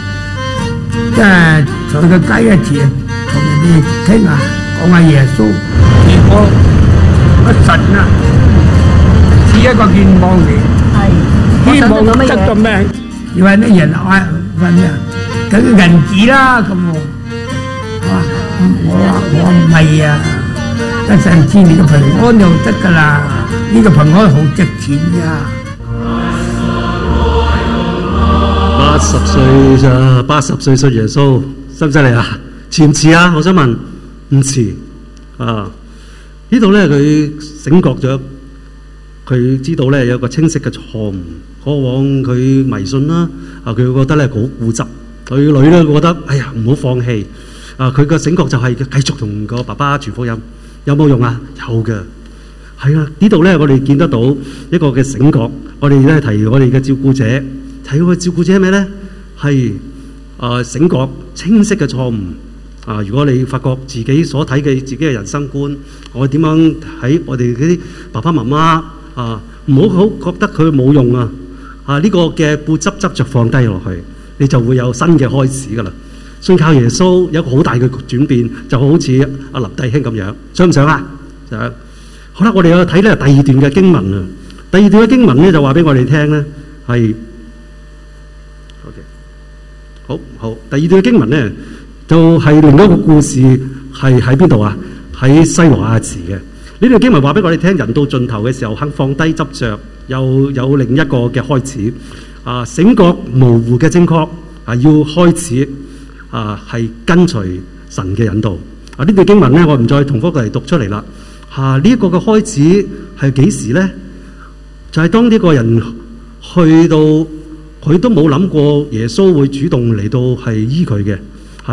即係坐喺個街一時同人哋傾下，講下耶穌，結果，個神啊，似一個願望，希望得到咩？命。你話咩人愛揾咩啊？梗係、啊、銀紙啦咁喎、啊嗯。我我唔係啊，一神賜你個平安就得㗎啦，呢、這個平安好值錢呀、啊。十歲就八十歲信耶穌，犀唔犀利啊？遲唔遲啊？我想問，唔遲啊！呢度咧佢醒覺咗，佢知道咧有個清晰嘅錯誤，過往佢迷信啦啊，佢覺得咧好固執，佢女咧覺得哎呀唔好放棄啊！佢嘅醒覺就係繼續同個爸爸傳福音，有冇用啊？有嘅，係啊！呢度咧我哋見得到一個嘅醒覺，我哋咧提我哋嘅照顧者。睇佢照顧者係咩咧？係啊、呃，醒覺清晰嘅錯誤啊！如果你發覺自己所睇嘅自己嘅人生觀，我點樣喺我哋嗰啲爸爸媽媽啊，唔好好覺得佢冇用啊啊！呢、這個嘅固執執著放低落去，你就會有新嘅開始噶啦。所以靠耶穌有一個好大嘅轉變，就好似阿林弟兄咁樣，想唔想啊？想。好啦，我哋有睇咧第二段嘅經文啊。第二段嘅經文咧就話俾我哋聽咧係。好好，第二段經文咧，就係、是，另一個故事，係喺邊度啊？喺西羅亞池嘅。呢段經文話俾我哋聽，人到盡頭嘅時候，肯放低執着，又有另一個嘅開始。啊，醒覺模糊嘅正確啊，要開始啊，係跟隨神嘅引導。啊，呢段經文咧，我唔再重複嚟讀出嚟啦。吓、啊，呢、這、一個嘅開始係幾時咧？就係、是，當呢個人去到。佢都冇諗過耶穌會主動嚟到係醫佢嘅，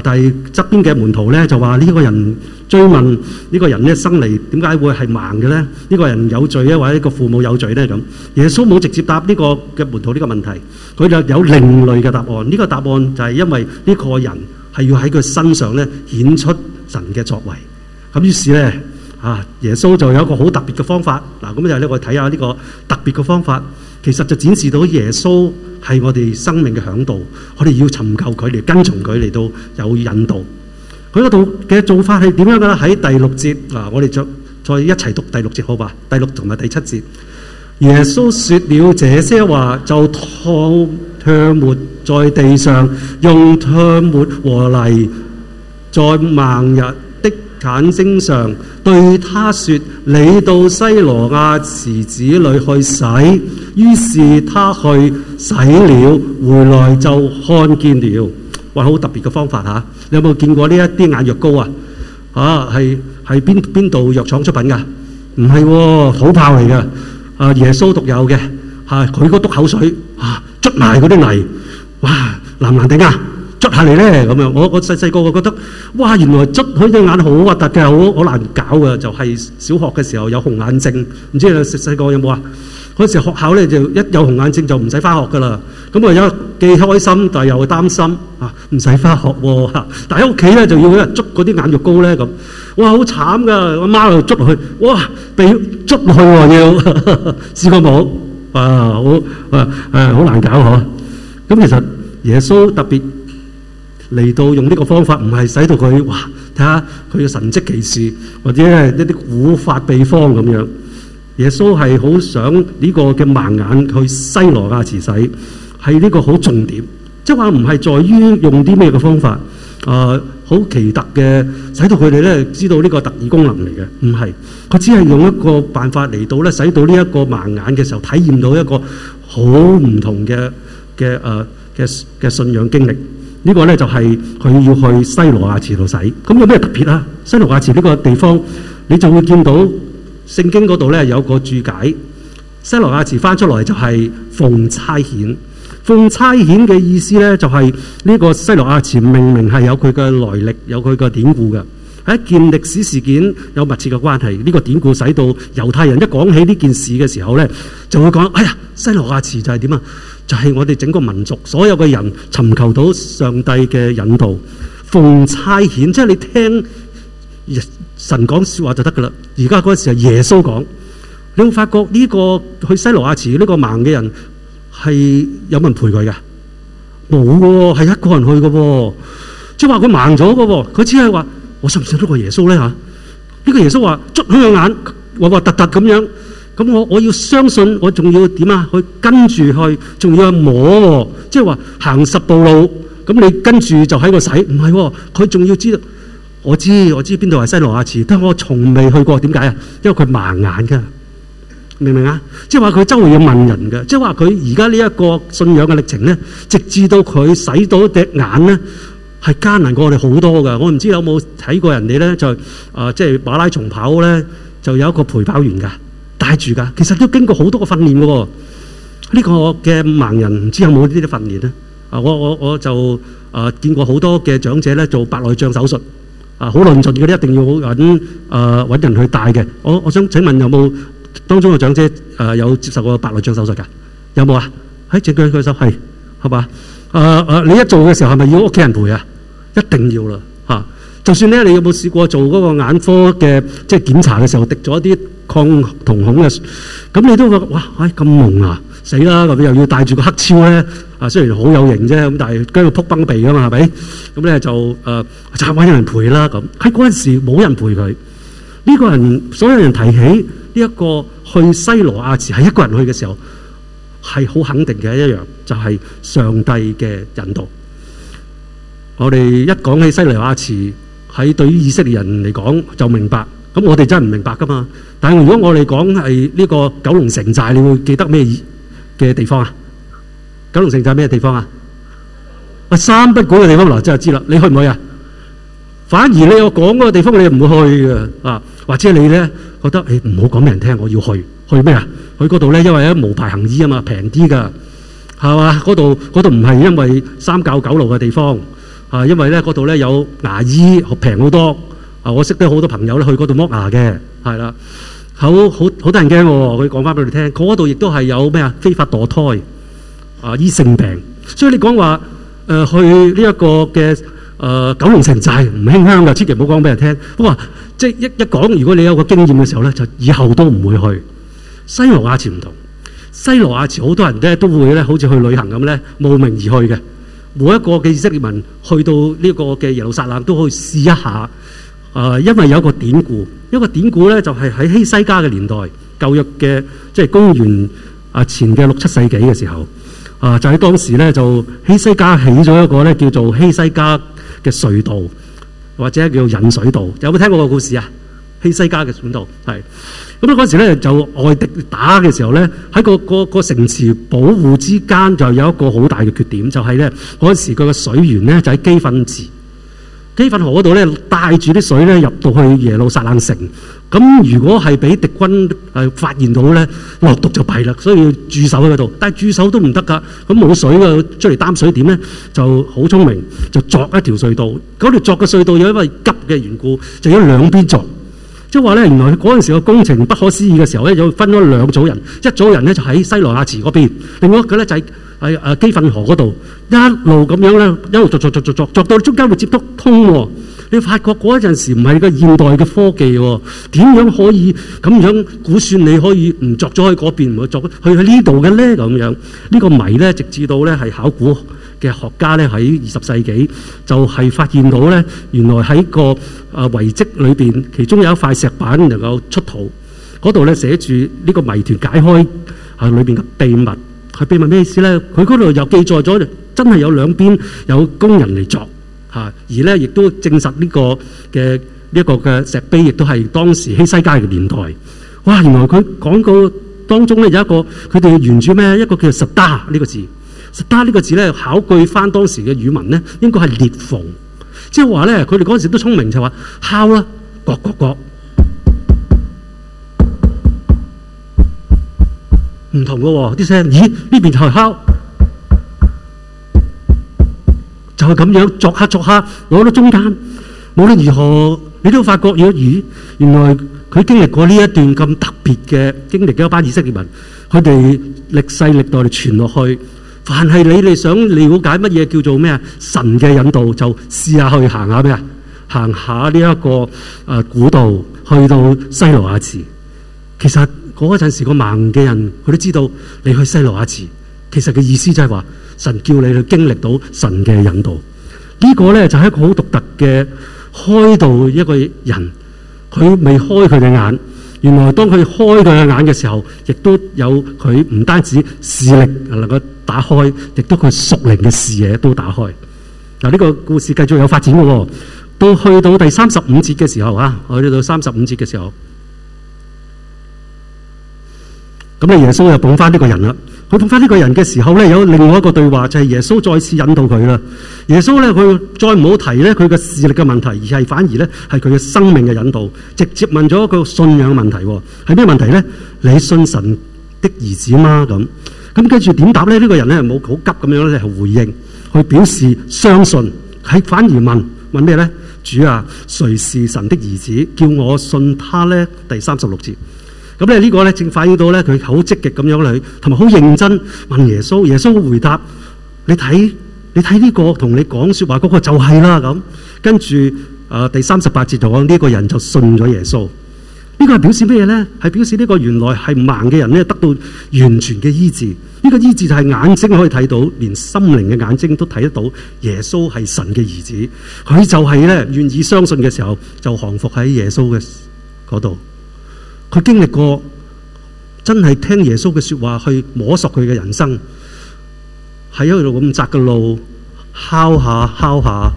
但係側邊嘅門徒呢，就話呢、這個人追問呢、這個人咧生嚟點解會係盲嘅呢？呢、這個人有罪咧，或者個父母有罪呢。咁。耶穌冇直接答呢、這個嘅、這個、門徒呢個問題，佢就有，有另類嘅答案。呢、這個答案就係因為呢個人係要喺佢身上咧顯出神嘅作為。咁於是呢，啊，耶穌就有一個好特別嘅方法。嗱，咁就呢個睇下呢個特別嘅方法。其實就展示到耶穌係我哋生命嘅響度，我哋要尋求佢嚟跟從佢嚟到有引導。佢嗰度嘅做法係點樣嘅咧？喺第六節嗱、啊，我哋再再一齊讀第六節，好吧？第六同埋第七節，嗯、耶穌說了這些話，就吐唾沫在地上，用唾沫和泥在盲人的眼睛上。對他說：你到西羅亞池子裏去洗。於是他去洗了，回來就看見了。哇，好特別嘅方法吓、啊！你有冇見過呢一啲眼藥膏啊？啊，係係邊邊度藥廠出品噶？唔係、哦，土炮嚟嘅。啊，耶穌獨有嘅，吓佢嗰督口水，啊捽埋嗰啲泥，哇，難唔難頂噶、啊？捽下嚟咧咁樣，我我細細個我覺得哇，原來捽佢隻眼好核突嘅，好好難搞嘅。就係、是、小學嘅時候有紅眼症，唔知你細細個有冇啊？嗰時學校咧就一有紅眼症就唔使翻學噶啦。咁啊，有幾開心但係又擔心啊，唔使翻學喎，但喺屋企咧就要咧捽嗰啲眼藥膏咧咁。哇，好慘噶！阿媽喺度捽落去，哇，俾捽落去喎、啊，要哈哈試過冇啊？好啊啊，好難搞呵。咁、啊、其實耶穌特別。嚟到用呢個方法，唔係使到佢哇睇下佢嘅神蹟奇事，或者咧一啲古法秘方咁樣。耶穌係好想呢個嘅盲眼去西羅亞池洗，係呢個好重點，即係話唔係在於用啲咩嘅方法啊，好奇特嘅，使到佢哋咧知道呢個特異功能嚟嘅，唔係佢只係用一個辦法嚟到咧，使到呢一個盲眼嘅時候體驗到一個好唔同嘅嘅誒嘅嘅信仰經歷。呢個咧就係佢要去西羅亞池度洗，咁有咩特別啊？西羅亞池呢個地方，你就會見到聖經嗰度咧有個注解，西羅亞池翻出來就係奉差遣。奉差遣嘅意思咧就係呢個西羅亞池明明係有佢嘅來歷，有佢嘅典故嘅，喺一件歷史事件有密切嘅關係。呢個典故使到猶太人一講起呢件事嘅時候咧，就會講：哎呀，西羅亞池就係點啊！就係我哋整個民族所有嘅人尋求到上帝嘅引導，奉差遣，即係你聽神講説話就得噶啦。而家嗰陣時係耶穌講，你會發覺呢個去西羅亞池呢個盲嘅人係有人陪佢嘅，冇嘅喎，係一個人去嘅喎。即係話佢盲咗嘅喎，佢只係話我信唔信得過耶穌咧嚇？呢個耶穌話捉佢個眼，哇哇突突咁樣。咁我我要相信，我仲要點啊？佢跟住去，仲要摸、哦，即係話行十步路。咁你跟住就喺個洗唔係？佢仲、哦、要知道我知我知邊度係西羅亞池，但我從未去過。點解啊？因為佢盲眼㗎，明唔明啊？即係話佢周圍要問人嘅，即係話佢而家呢一個信仰嘅歷程咧，直至到佢洗到隻眼呢，係艱難過我哋好多嘅。我唔知有冇睇過人哋咧，就即、是、係、呃就係、馬拉松跑咧，就有一個陪跑員㗎。戴住噶，其實都經過好多個訓練噶喎、哦。呢、這個嘅盲人唔知有冇呢啲訓練咧？啊、呃，我我我就啊、呃、見過好多嘅長者咧，做白內障手術啊，好論盡嗰啲一定要揾啊揾人去帶嘅。我我想請問有冇當中嘅長者啊、呃、有接受過白內障手術噶？有冇啊？喺證據嗰手係係嘛？啊啊是、呃呃！你一做嘅時候係咪要屋企人陪啊？一定要啦。就算你有冇試過做嗰個眼科嘅，即係檢查嘅時候滴咗啲抗瞳孔嘅水，咁你都覺得哇，哎咁矇啊，死啦！咁你又要戴住個黑超呢，啊雖然好有型啫，但係跟住仆崩鼻啊嘛，係咪？咁咧就誒、呃，就揾有人陪啦。咁喺嗰陣時冇人陪佢呢、這個人，所有人提起呢一、這個去西羅亞池係一個人去嘅時候，係好肯定嘅一樣，就係、是、上帝嘅引導。我哋一講起西羅亞池。喺對於以色列人嚟講就明白，咁我哋真係唔明白噶嘛。但如果我哋講係呢個九龍城寨，你會記得咩嘅地方啊？九龍城寨咩地方啊？啊，三不管嘅地方嚟，即係知啦。你去唔去啊？反而你我講嗰個地方，你唔會去嘅啊。或者你呢，覺得誒唔好講俾人聽，我要去去咩啊？去嗰度咧，因為咧無牌行醫啊嘛，平啲㗎，係嘛？嗰度嗰度唔係因為三教九流嘅地方。啊，因為呢嗰度呢有牙醫平好多，啊我識得好多朋友去嗰度剝牙嘅。係啦，好好好得人驚喎！佢講翻俾你聽，嗰度亦都係有咩啊非法墮胎啊醫性病，所以你講話、呃、去呢一個嘅、呃、九龍城寨唔輕輕嘅，千祈唔好講俾人聽。不過即一一講，如果你有個經驗嘅時候呢，就以後都唔會去。西羅亞池唔同，西羅亞池好多人呢都會呢，好似去旅行咁呢慕名而去嘅。每一個嘅以色列民去到呢個嘅耶路撒冷都可以試一下，呃，因為有個典故，一個典故咧就係喺希西家嘅年代，舊約嘅即係公元前嘅六七世紀嘅時候，呃，就喺當時咧就希西家起咗一個叫做希西家嘅隧道，或者叫做引水道，有冇聽過這個故事啊？希西家嘅管道係咁啊！嗰、嗯、時咧就外敵打嘅時候咧，喺個個,個城池保護之間就有一個好大嘅缺點，就係咧嗰時佢嘅水源咧就喺基訓池、基訓河嗰度咧帶住啲水咧入到去耶路撒冷城。咁如果係俾敵軍誒發現到咧，落毒就弊啦。所以要駐守喺嗰度，但係駐守都唔得噶，咁冇水嘅出嚟擔水點咧就好聰明，就鑿一條隧道。嗰條鑿嘅隧道有一個因為急嘅緣故，就要兩邊鑿。即係話咧，原來嗰陣時個工程不可思議嘅時候咧，有分咗兩組人，一組人咧就喺西羅亞池嗰邊，另外一個咧就喺誒誒基訓河嗰度一路咁樣咧，一路作作作作作掘到中間會接得通喎、哦。你發覺嗰陣時唔係個現代嘅科技喎、哦，點樣可以咁樣估算你可以唔作咗去嗰邊，唔去掘去喺呢度嘅咧？咁樣呢、呢個謎咧，直至到咧係考古嘅學家咧，喺二十世紀就係發現到咧，原來喺個啊遺跡裏邊，其中有一塊石板能夠出土嗰度咧，寫住呢個謎團解開啊裏邊嘅秘密。係秘密咩意思咧？佢嗰度又記載咗，真係有兩邊有工人嚟作嚇，而咧亦都證實呢個嘅呢一個嘅石碑，亦都係當時希西家嘅年代。哇！原來佢講過當中咧有一個佢哋原著咩一個叫十打呢個字，得呢個字咧，考據翻當時嘅語文咧，應該係裂縫，即係話咧。佢哋嗰時都聰明，就話、是、敲啦、啊，割割割，唔同噶喎啲聲。咦？呢邊就係敲，就係、是、咁樣鑿下鑿下，攞到中間。無論如何，你都發覺咦、呃？原來佢經歷過呢一段咁特別嘅經歷嘅一班以色列民，佢哋歷世歷代傳落去。凡係你哋想了解乜嘢叫做咩啊？神嘅引導就試下去行下咩啊？行下呢一個誒古道去到西羅亞池。其實嗰陣時個盲嘅人，佢都知道你去西羅亞池。其實嘅意思就係、是、話神叫你去經歷到神嘅引導、這個、呢個咧就係、是、一個好獨特嘅開導一個人。佢未開佢嘅眼，原來當佢開佢嘅眼嘅時候，亦都有佢唔單止視力能夠。打開，亦都佢熟靈嘅視野都打開。嗱，呢個故事繼續有發展嘅，哦。到去到第三十五節嘅時候啊，我哋到第三十五節嘅時候，咁啊，耶穌又捧翻呢個人啦。佢捧翻呢個人嘅時候咧，有另外一個對話就係、是、耶穌再次引導佢啦。耶穌咧，佢再唔好提咧佢嘅視力嘅問題，而係反而咧係佢嘅生命嘅引導，直接問咗一個信仰問題，哦。係咩問題咧？你信神的兒子嗎？咁。咁跟住點答咧？呢個人咧冇好急咁樣咧，係回應，去表示相信。佢反而問問咩咧？主啊，誰是神的兒子？叫我信他咧。第三十六節。咁咧呢個咧正反映到咧佢好積極咁樣嚟，同埋好認真問耶穌。耶穌回答：你睇你睇呢個同你講説話嗰個就係啦咁。跟住啊，第三十八節就講呢個人就信咗耶穌。呢個係表示咩呢？係表示呢個原來係盲嘅人得到完全嘅醫治。呢、這個醫治就係眼睛可以睇到，連心靈嘅眼睛都睇得到。耶穌係神嘅兒子，佢就係咧願意相信嘅時候，就降服喺耶穌嘅嗰度。佢經歷過真係聽耶穌嘅說話，去摸索佢嘅人生，喺一條咁窄嘅路，敲下敲下，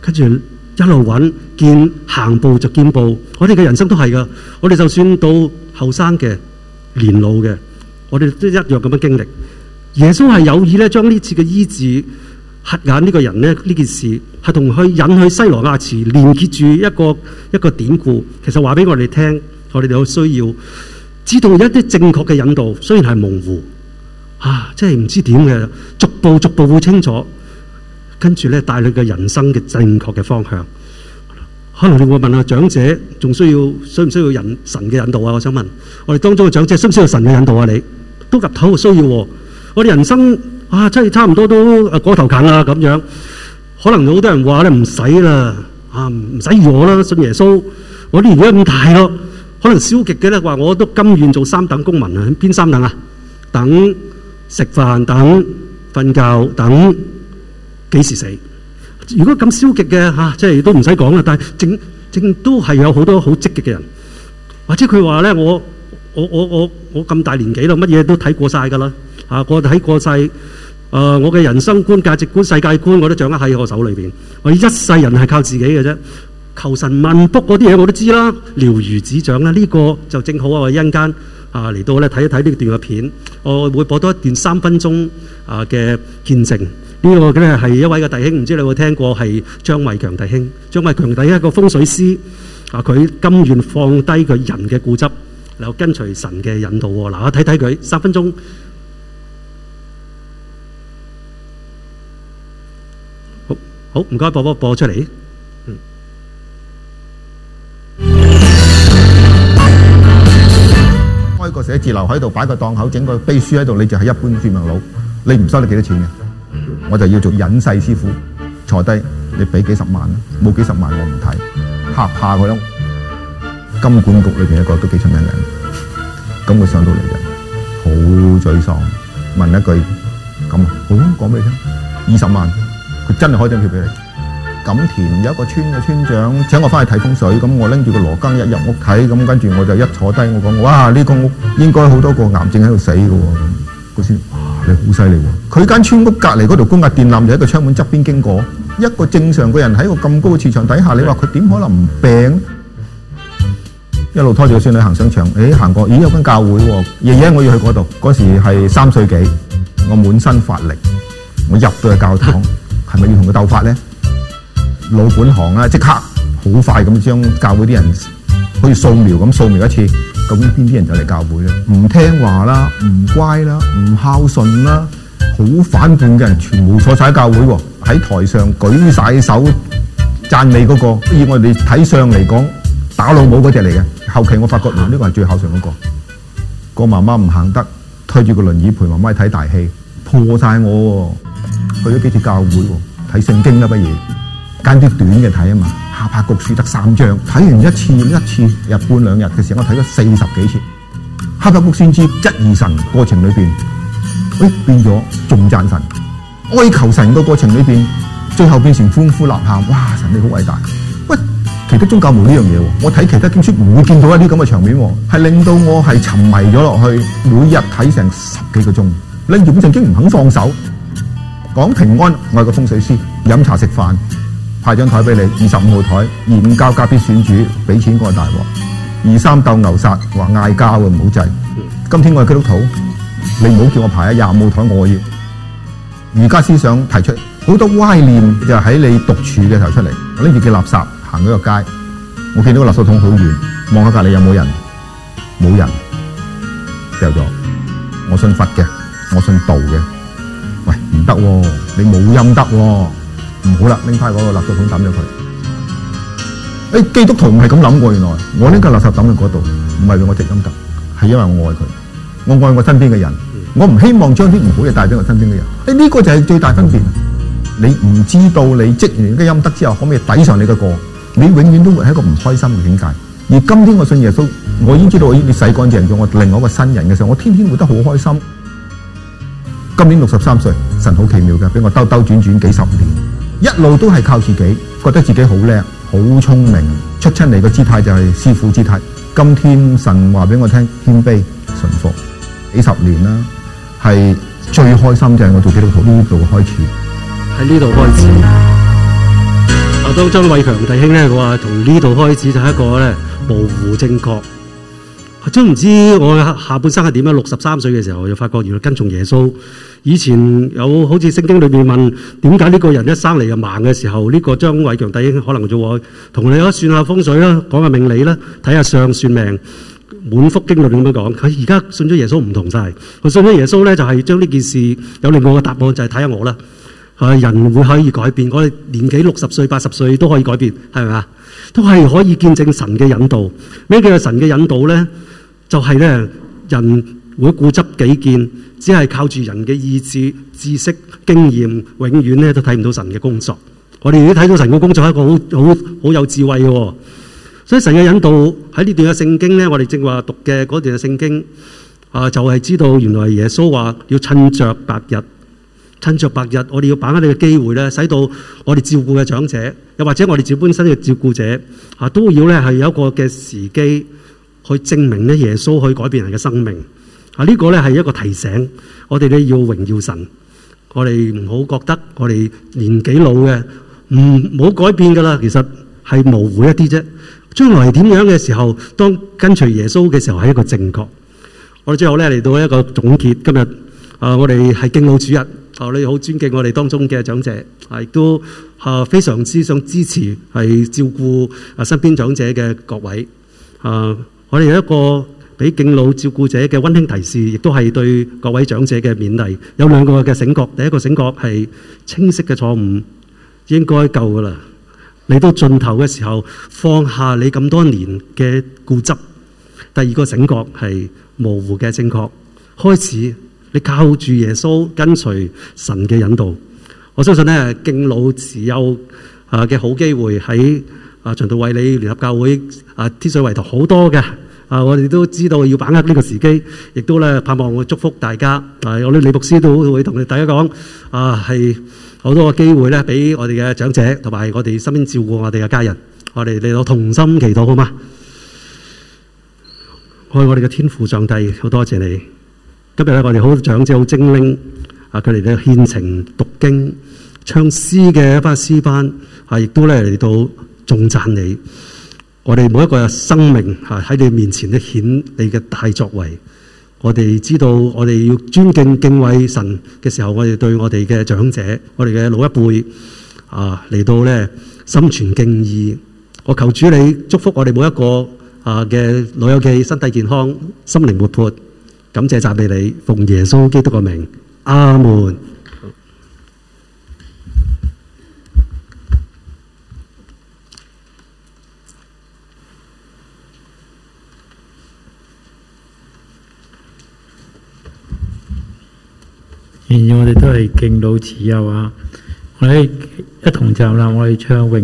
跟住。一路揾見行步就見步，我哋嘅人生都係㗎。我哋就算到後生嘅、年老嘅，我哋都一樣咁樣經歷。耶穌係有意咧，將呢次嘅醫治瞎眼呢個人咧，呢件事係同佢引去西羅亞池連結住一個一個典故。其實話俾我哋聽，我哋有需要知道一啲正確嘅引導。雖然係模糊，啊，真係唔知點嘅，逐步逐步會清楚。跟住咧，帶你嘅人生嘅正確嘅方向。可能你會問下長者，仲需要需唔需要人神嘅引導啊？我想問我哋當中嘅長者，需唔需要神嘅引導啊？你都入頭嘅需要喎。我哋人生啊，真係差唔多都過頭近啦。咁樣可能好多人話咧，唔使啦，啊唔使預我啦，信耶穌。我年紀咁大咯，可能消極嘅咧話，我都甘願做三等公民啊。邊三等啊？等食飯，等瞓覺，等。幾時死？如果咁消極嘅吓，即係都唔使講啦。但係正正都係有好多好積極嘅人，或者佢話咧，我我我我我咁大年紀啦，乜嘢都睇過晒噶啦吓，我睇過晒誒、呃，我嘅人生觀、價值觀、世界觀，我都掌握喺我手裏邊。我一世人係靠自己嘅啫，求神問卜嗰啲嘢我都知啦，了如指掌啦。呢、這個就正好我喺人間。啊，嚟到咧睇一睇呢段嘅片，我會播多一段三分鐘啊嘅見證。這個、呢個係一位嘅弟兄，唔知你有冇聽過？係張偉強弟兄，張偉強弟兄係一個風水師啊，佢甘願放低佢人嘅固執，然後跟隨神嘅引導。嗱、啊，我睇睇佢三分鐘，好好唔該，播播播出嚟。開個寫字樓喺度擺個檔口，整個秘書喺度，你就係一般著名佬。你唔收你幾多錢嘅，我就要做隱世師傅坐低。你俾幾十萬冇幾十萬我唔睇。吓怕嗰種金管局裏邊一個都幾出名嘅，咁佢上到嚟就好沮喪，問一句咁好講俾你聽，二十萬，佢真係開張票俾你。錦田有一個村嘅村長請我翻去睇風水，咁我拎住個羅庚一入屋睇，咁跟住我就一坐低，我講：哇！呢個屋應該好多個癌症喺度死嘅喎。個孫哇，你好犀利喎！佢間村屋隔離嗰條高壓電纜，就喺個窗門側邊經過。一個正常嘅人喺個咁高嘅磁場底下，你話佢點可能唔病？一路拖住個孫女行商場，誒、欸、行過，咦有間教會喎、哦，爺爺我要去嗰度。嗰時係三歲幾，我滿身法力，我入到去教堂係咪要同佢鬥法咧？老本行啊，即刻好快咁將教會啲人好似掃描咁掃描一次，咁邊啲人就嚟教會咧？唔聽話啦，唔乖啦，唔孝順啦，好反叛嘅人，全部坐晒喺教會喎。喺台上舉晒手讚美嗰個，以我哋睇相嚟講打老母嗰隻嚟嘅。後期我發覺，原來呢個係最孝順嗰個。個媽媽唔行得，推住個輪椅陪媽媽去睇大戲，破晒我去咗幾次教會睇聖經啦，不如。揀啲短嘅睇啊嘛。哈巴谷書得三章，睇完一次一次日半兩日嘅時候，我睇咗四十幾次。哈巴谷先知質疑神過程裏邊，喂、哎、變咗仲讚神哀求神個過程裏邊，最後變成歡呼吶喊，喊，喊，哇神你好偉大！喂，其他宗教冇呢樣嘢，我睇其他經書唔會見到一啲咁嘅場面，係令到我係沉迷咗落去，每日睇成十幾個鐘，拎住本聖經唔肯放手，講平安。我係個風水師，飲茶食飯。派張台俾你，二十五號台，二五交交必選主，俾錢我、那個、大鑊。二三斗牛殺話嗌交啊，唔好制。今天我係基督徒，你唔好叫我排廿五號台，我要儒家思想提出好多歪念，就喺你獨處嘅時候出嚟，拎住啲垃圾行咗個街，我見到個垃圾桶好遠，望下隔籬有冇人？冇人，掉咗。我信佛嘅，我信道嘅。喂，唔得、啊，你冇陰德。唔好啦，拎翻我個垃圾桶抌咗佢。誒、哎，基督徒唔係咁諗過，原來我拎個垃圾抌去嗰度，唔係為我積陰德，係因為我愛佢，我愛我身邊嘅人，我唔希望將啲唔好嘢帶俾我身邊嘅人。誒、哎，呢、這個就係最大分別。你唔知道你積完嘅陰德之後可唔可以抵上你嘅過，你永遠都會係一個唔開心嘅境界。而今天我信耶穌，我已經知道你洗乾淨咗，我另外一個新人嘅時候，我天天活得好開心。今年六十三歲，神好奇妙嘅，俾我兜兜轉轉幾十年。一路都係靠自己，覺得自己好叻，好聰明，出親嚟嘅姿態就係師傅姿態。今天神話俾我聽謙卑、順服，幾十年啦，係最開心就係我做基督徒呢度開始，喺呢度開始。啊，當周偉強弟兄咧，佢話從呢度開始就係一個咧模糊正確。都唔知我下半生係點樣！六十三歲嘅時候就發覺原來跟從耶穌以前有好似聖經裏面問點解呢個人一生嚟就盲嘅時候，呢個張偉強弟兄可能叫我同你咯算一下風水啦，講下命理啦，睇下相算命，滿腹經綸咁樣講。佢而家信咗耶穌唔同晒，佢信咗耶穌咧就係將呢件事有另外個答案，就係睇下我啦。人會可以改變，我哋年紀六十歲八十歲都可以改變，係咪啊？都係可以見證神嘅引導。咩叫做神嘅引導呢？就係呢，人會固執己見，只係靠住人嘅意志、知識、經驗，永遠咧都睇唔到神嘅工作。我哋如果睇到神嘅工作，係一個好好有智慧嘅、哦。所以神嘅引導喺呢段嘅聖經咧，我哋正話讀嘅嗰段嘅聖經啊、呃，就係、是、知道原來耶穌話要趁着白日，趁着白日，我哋要把握呢個機會呢，使到我哋照顧嘅長者，又或者我哋自己本身嘅照顧者啊、呃，都要呢係有一個嘅時機。去證明咧，耶穌可以改變人嘅生命啊！這個、呢個咧係一個提醒，我哋咧要榮耀神。我哋唔好覺得我哋年紀老嘅，唔、嗯、冇改變噶啦。其實係模糊一啲啫。將來係點樣嘅時候，當跟隨耶穌嘅時候，係一個正確。我哋最後咧嚟到一個總結，今日啊，我哋係敬老主日啊，我哋好尊敬我哋當中嘅長者，係、啊、亦都啊非常之想支持係照顧啊身邊長者嘅各位啊。我哋有一個俾敬老照顧者嘅溫馨提示，亦都係對各位長者嘅勉勵。有兩個嘅醒覺，第一個醒覺係清晰嘅錯誤，應該夠噶啦。你到盡頭嘅時候，放下你咁多年嘅固執。第二個醒覺係模糊嘅正確，開始你靠住耶穌，跟隨神嘅引導。我相信呢，敬老慈幼啊嘅好機會喺。啊！循道衛理聯合教會啊，天水圍堂好多嘅啊！我哋都知道要把握呢個時機，亦都盼望會祝福大家。啊！我哋女牧師都會同大家講啊，係好多個機會咧，俾我哋嘅長者同埋我哋身邊照顧我哋嘅家人，我哋嚟到同心祈禱，好嘛、啊？我哋嘅天父上帝，好多謝你。今日我哋好多長者好精靈啊！佢哋嘅獻情讀經、唱詩嘅一班詩班係亦都咧嚟到。重讚你，我哋每一個生命啊喺你面前咧顯你嘅大作為。我哋知道，我哋要尊敬敬畏神嘅時候，我哋對我哋嘅長者，我哋嘅老一輩啊嚟到呢，心存敬意。我求主你祝福我哋每一個啊嘅老友記身體健康、心靈活潑。感謝讚美你，奉耶穌基督嘅名，阿門。我哋都係敬老慈幼啊！我哋一同站立，我哋唱詠。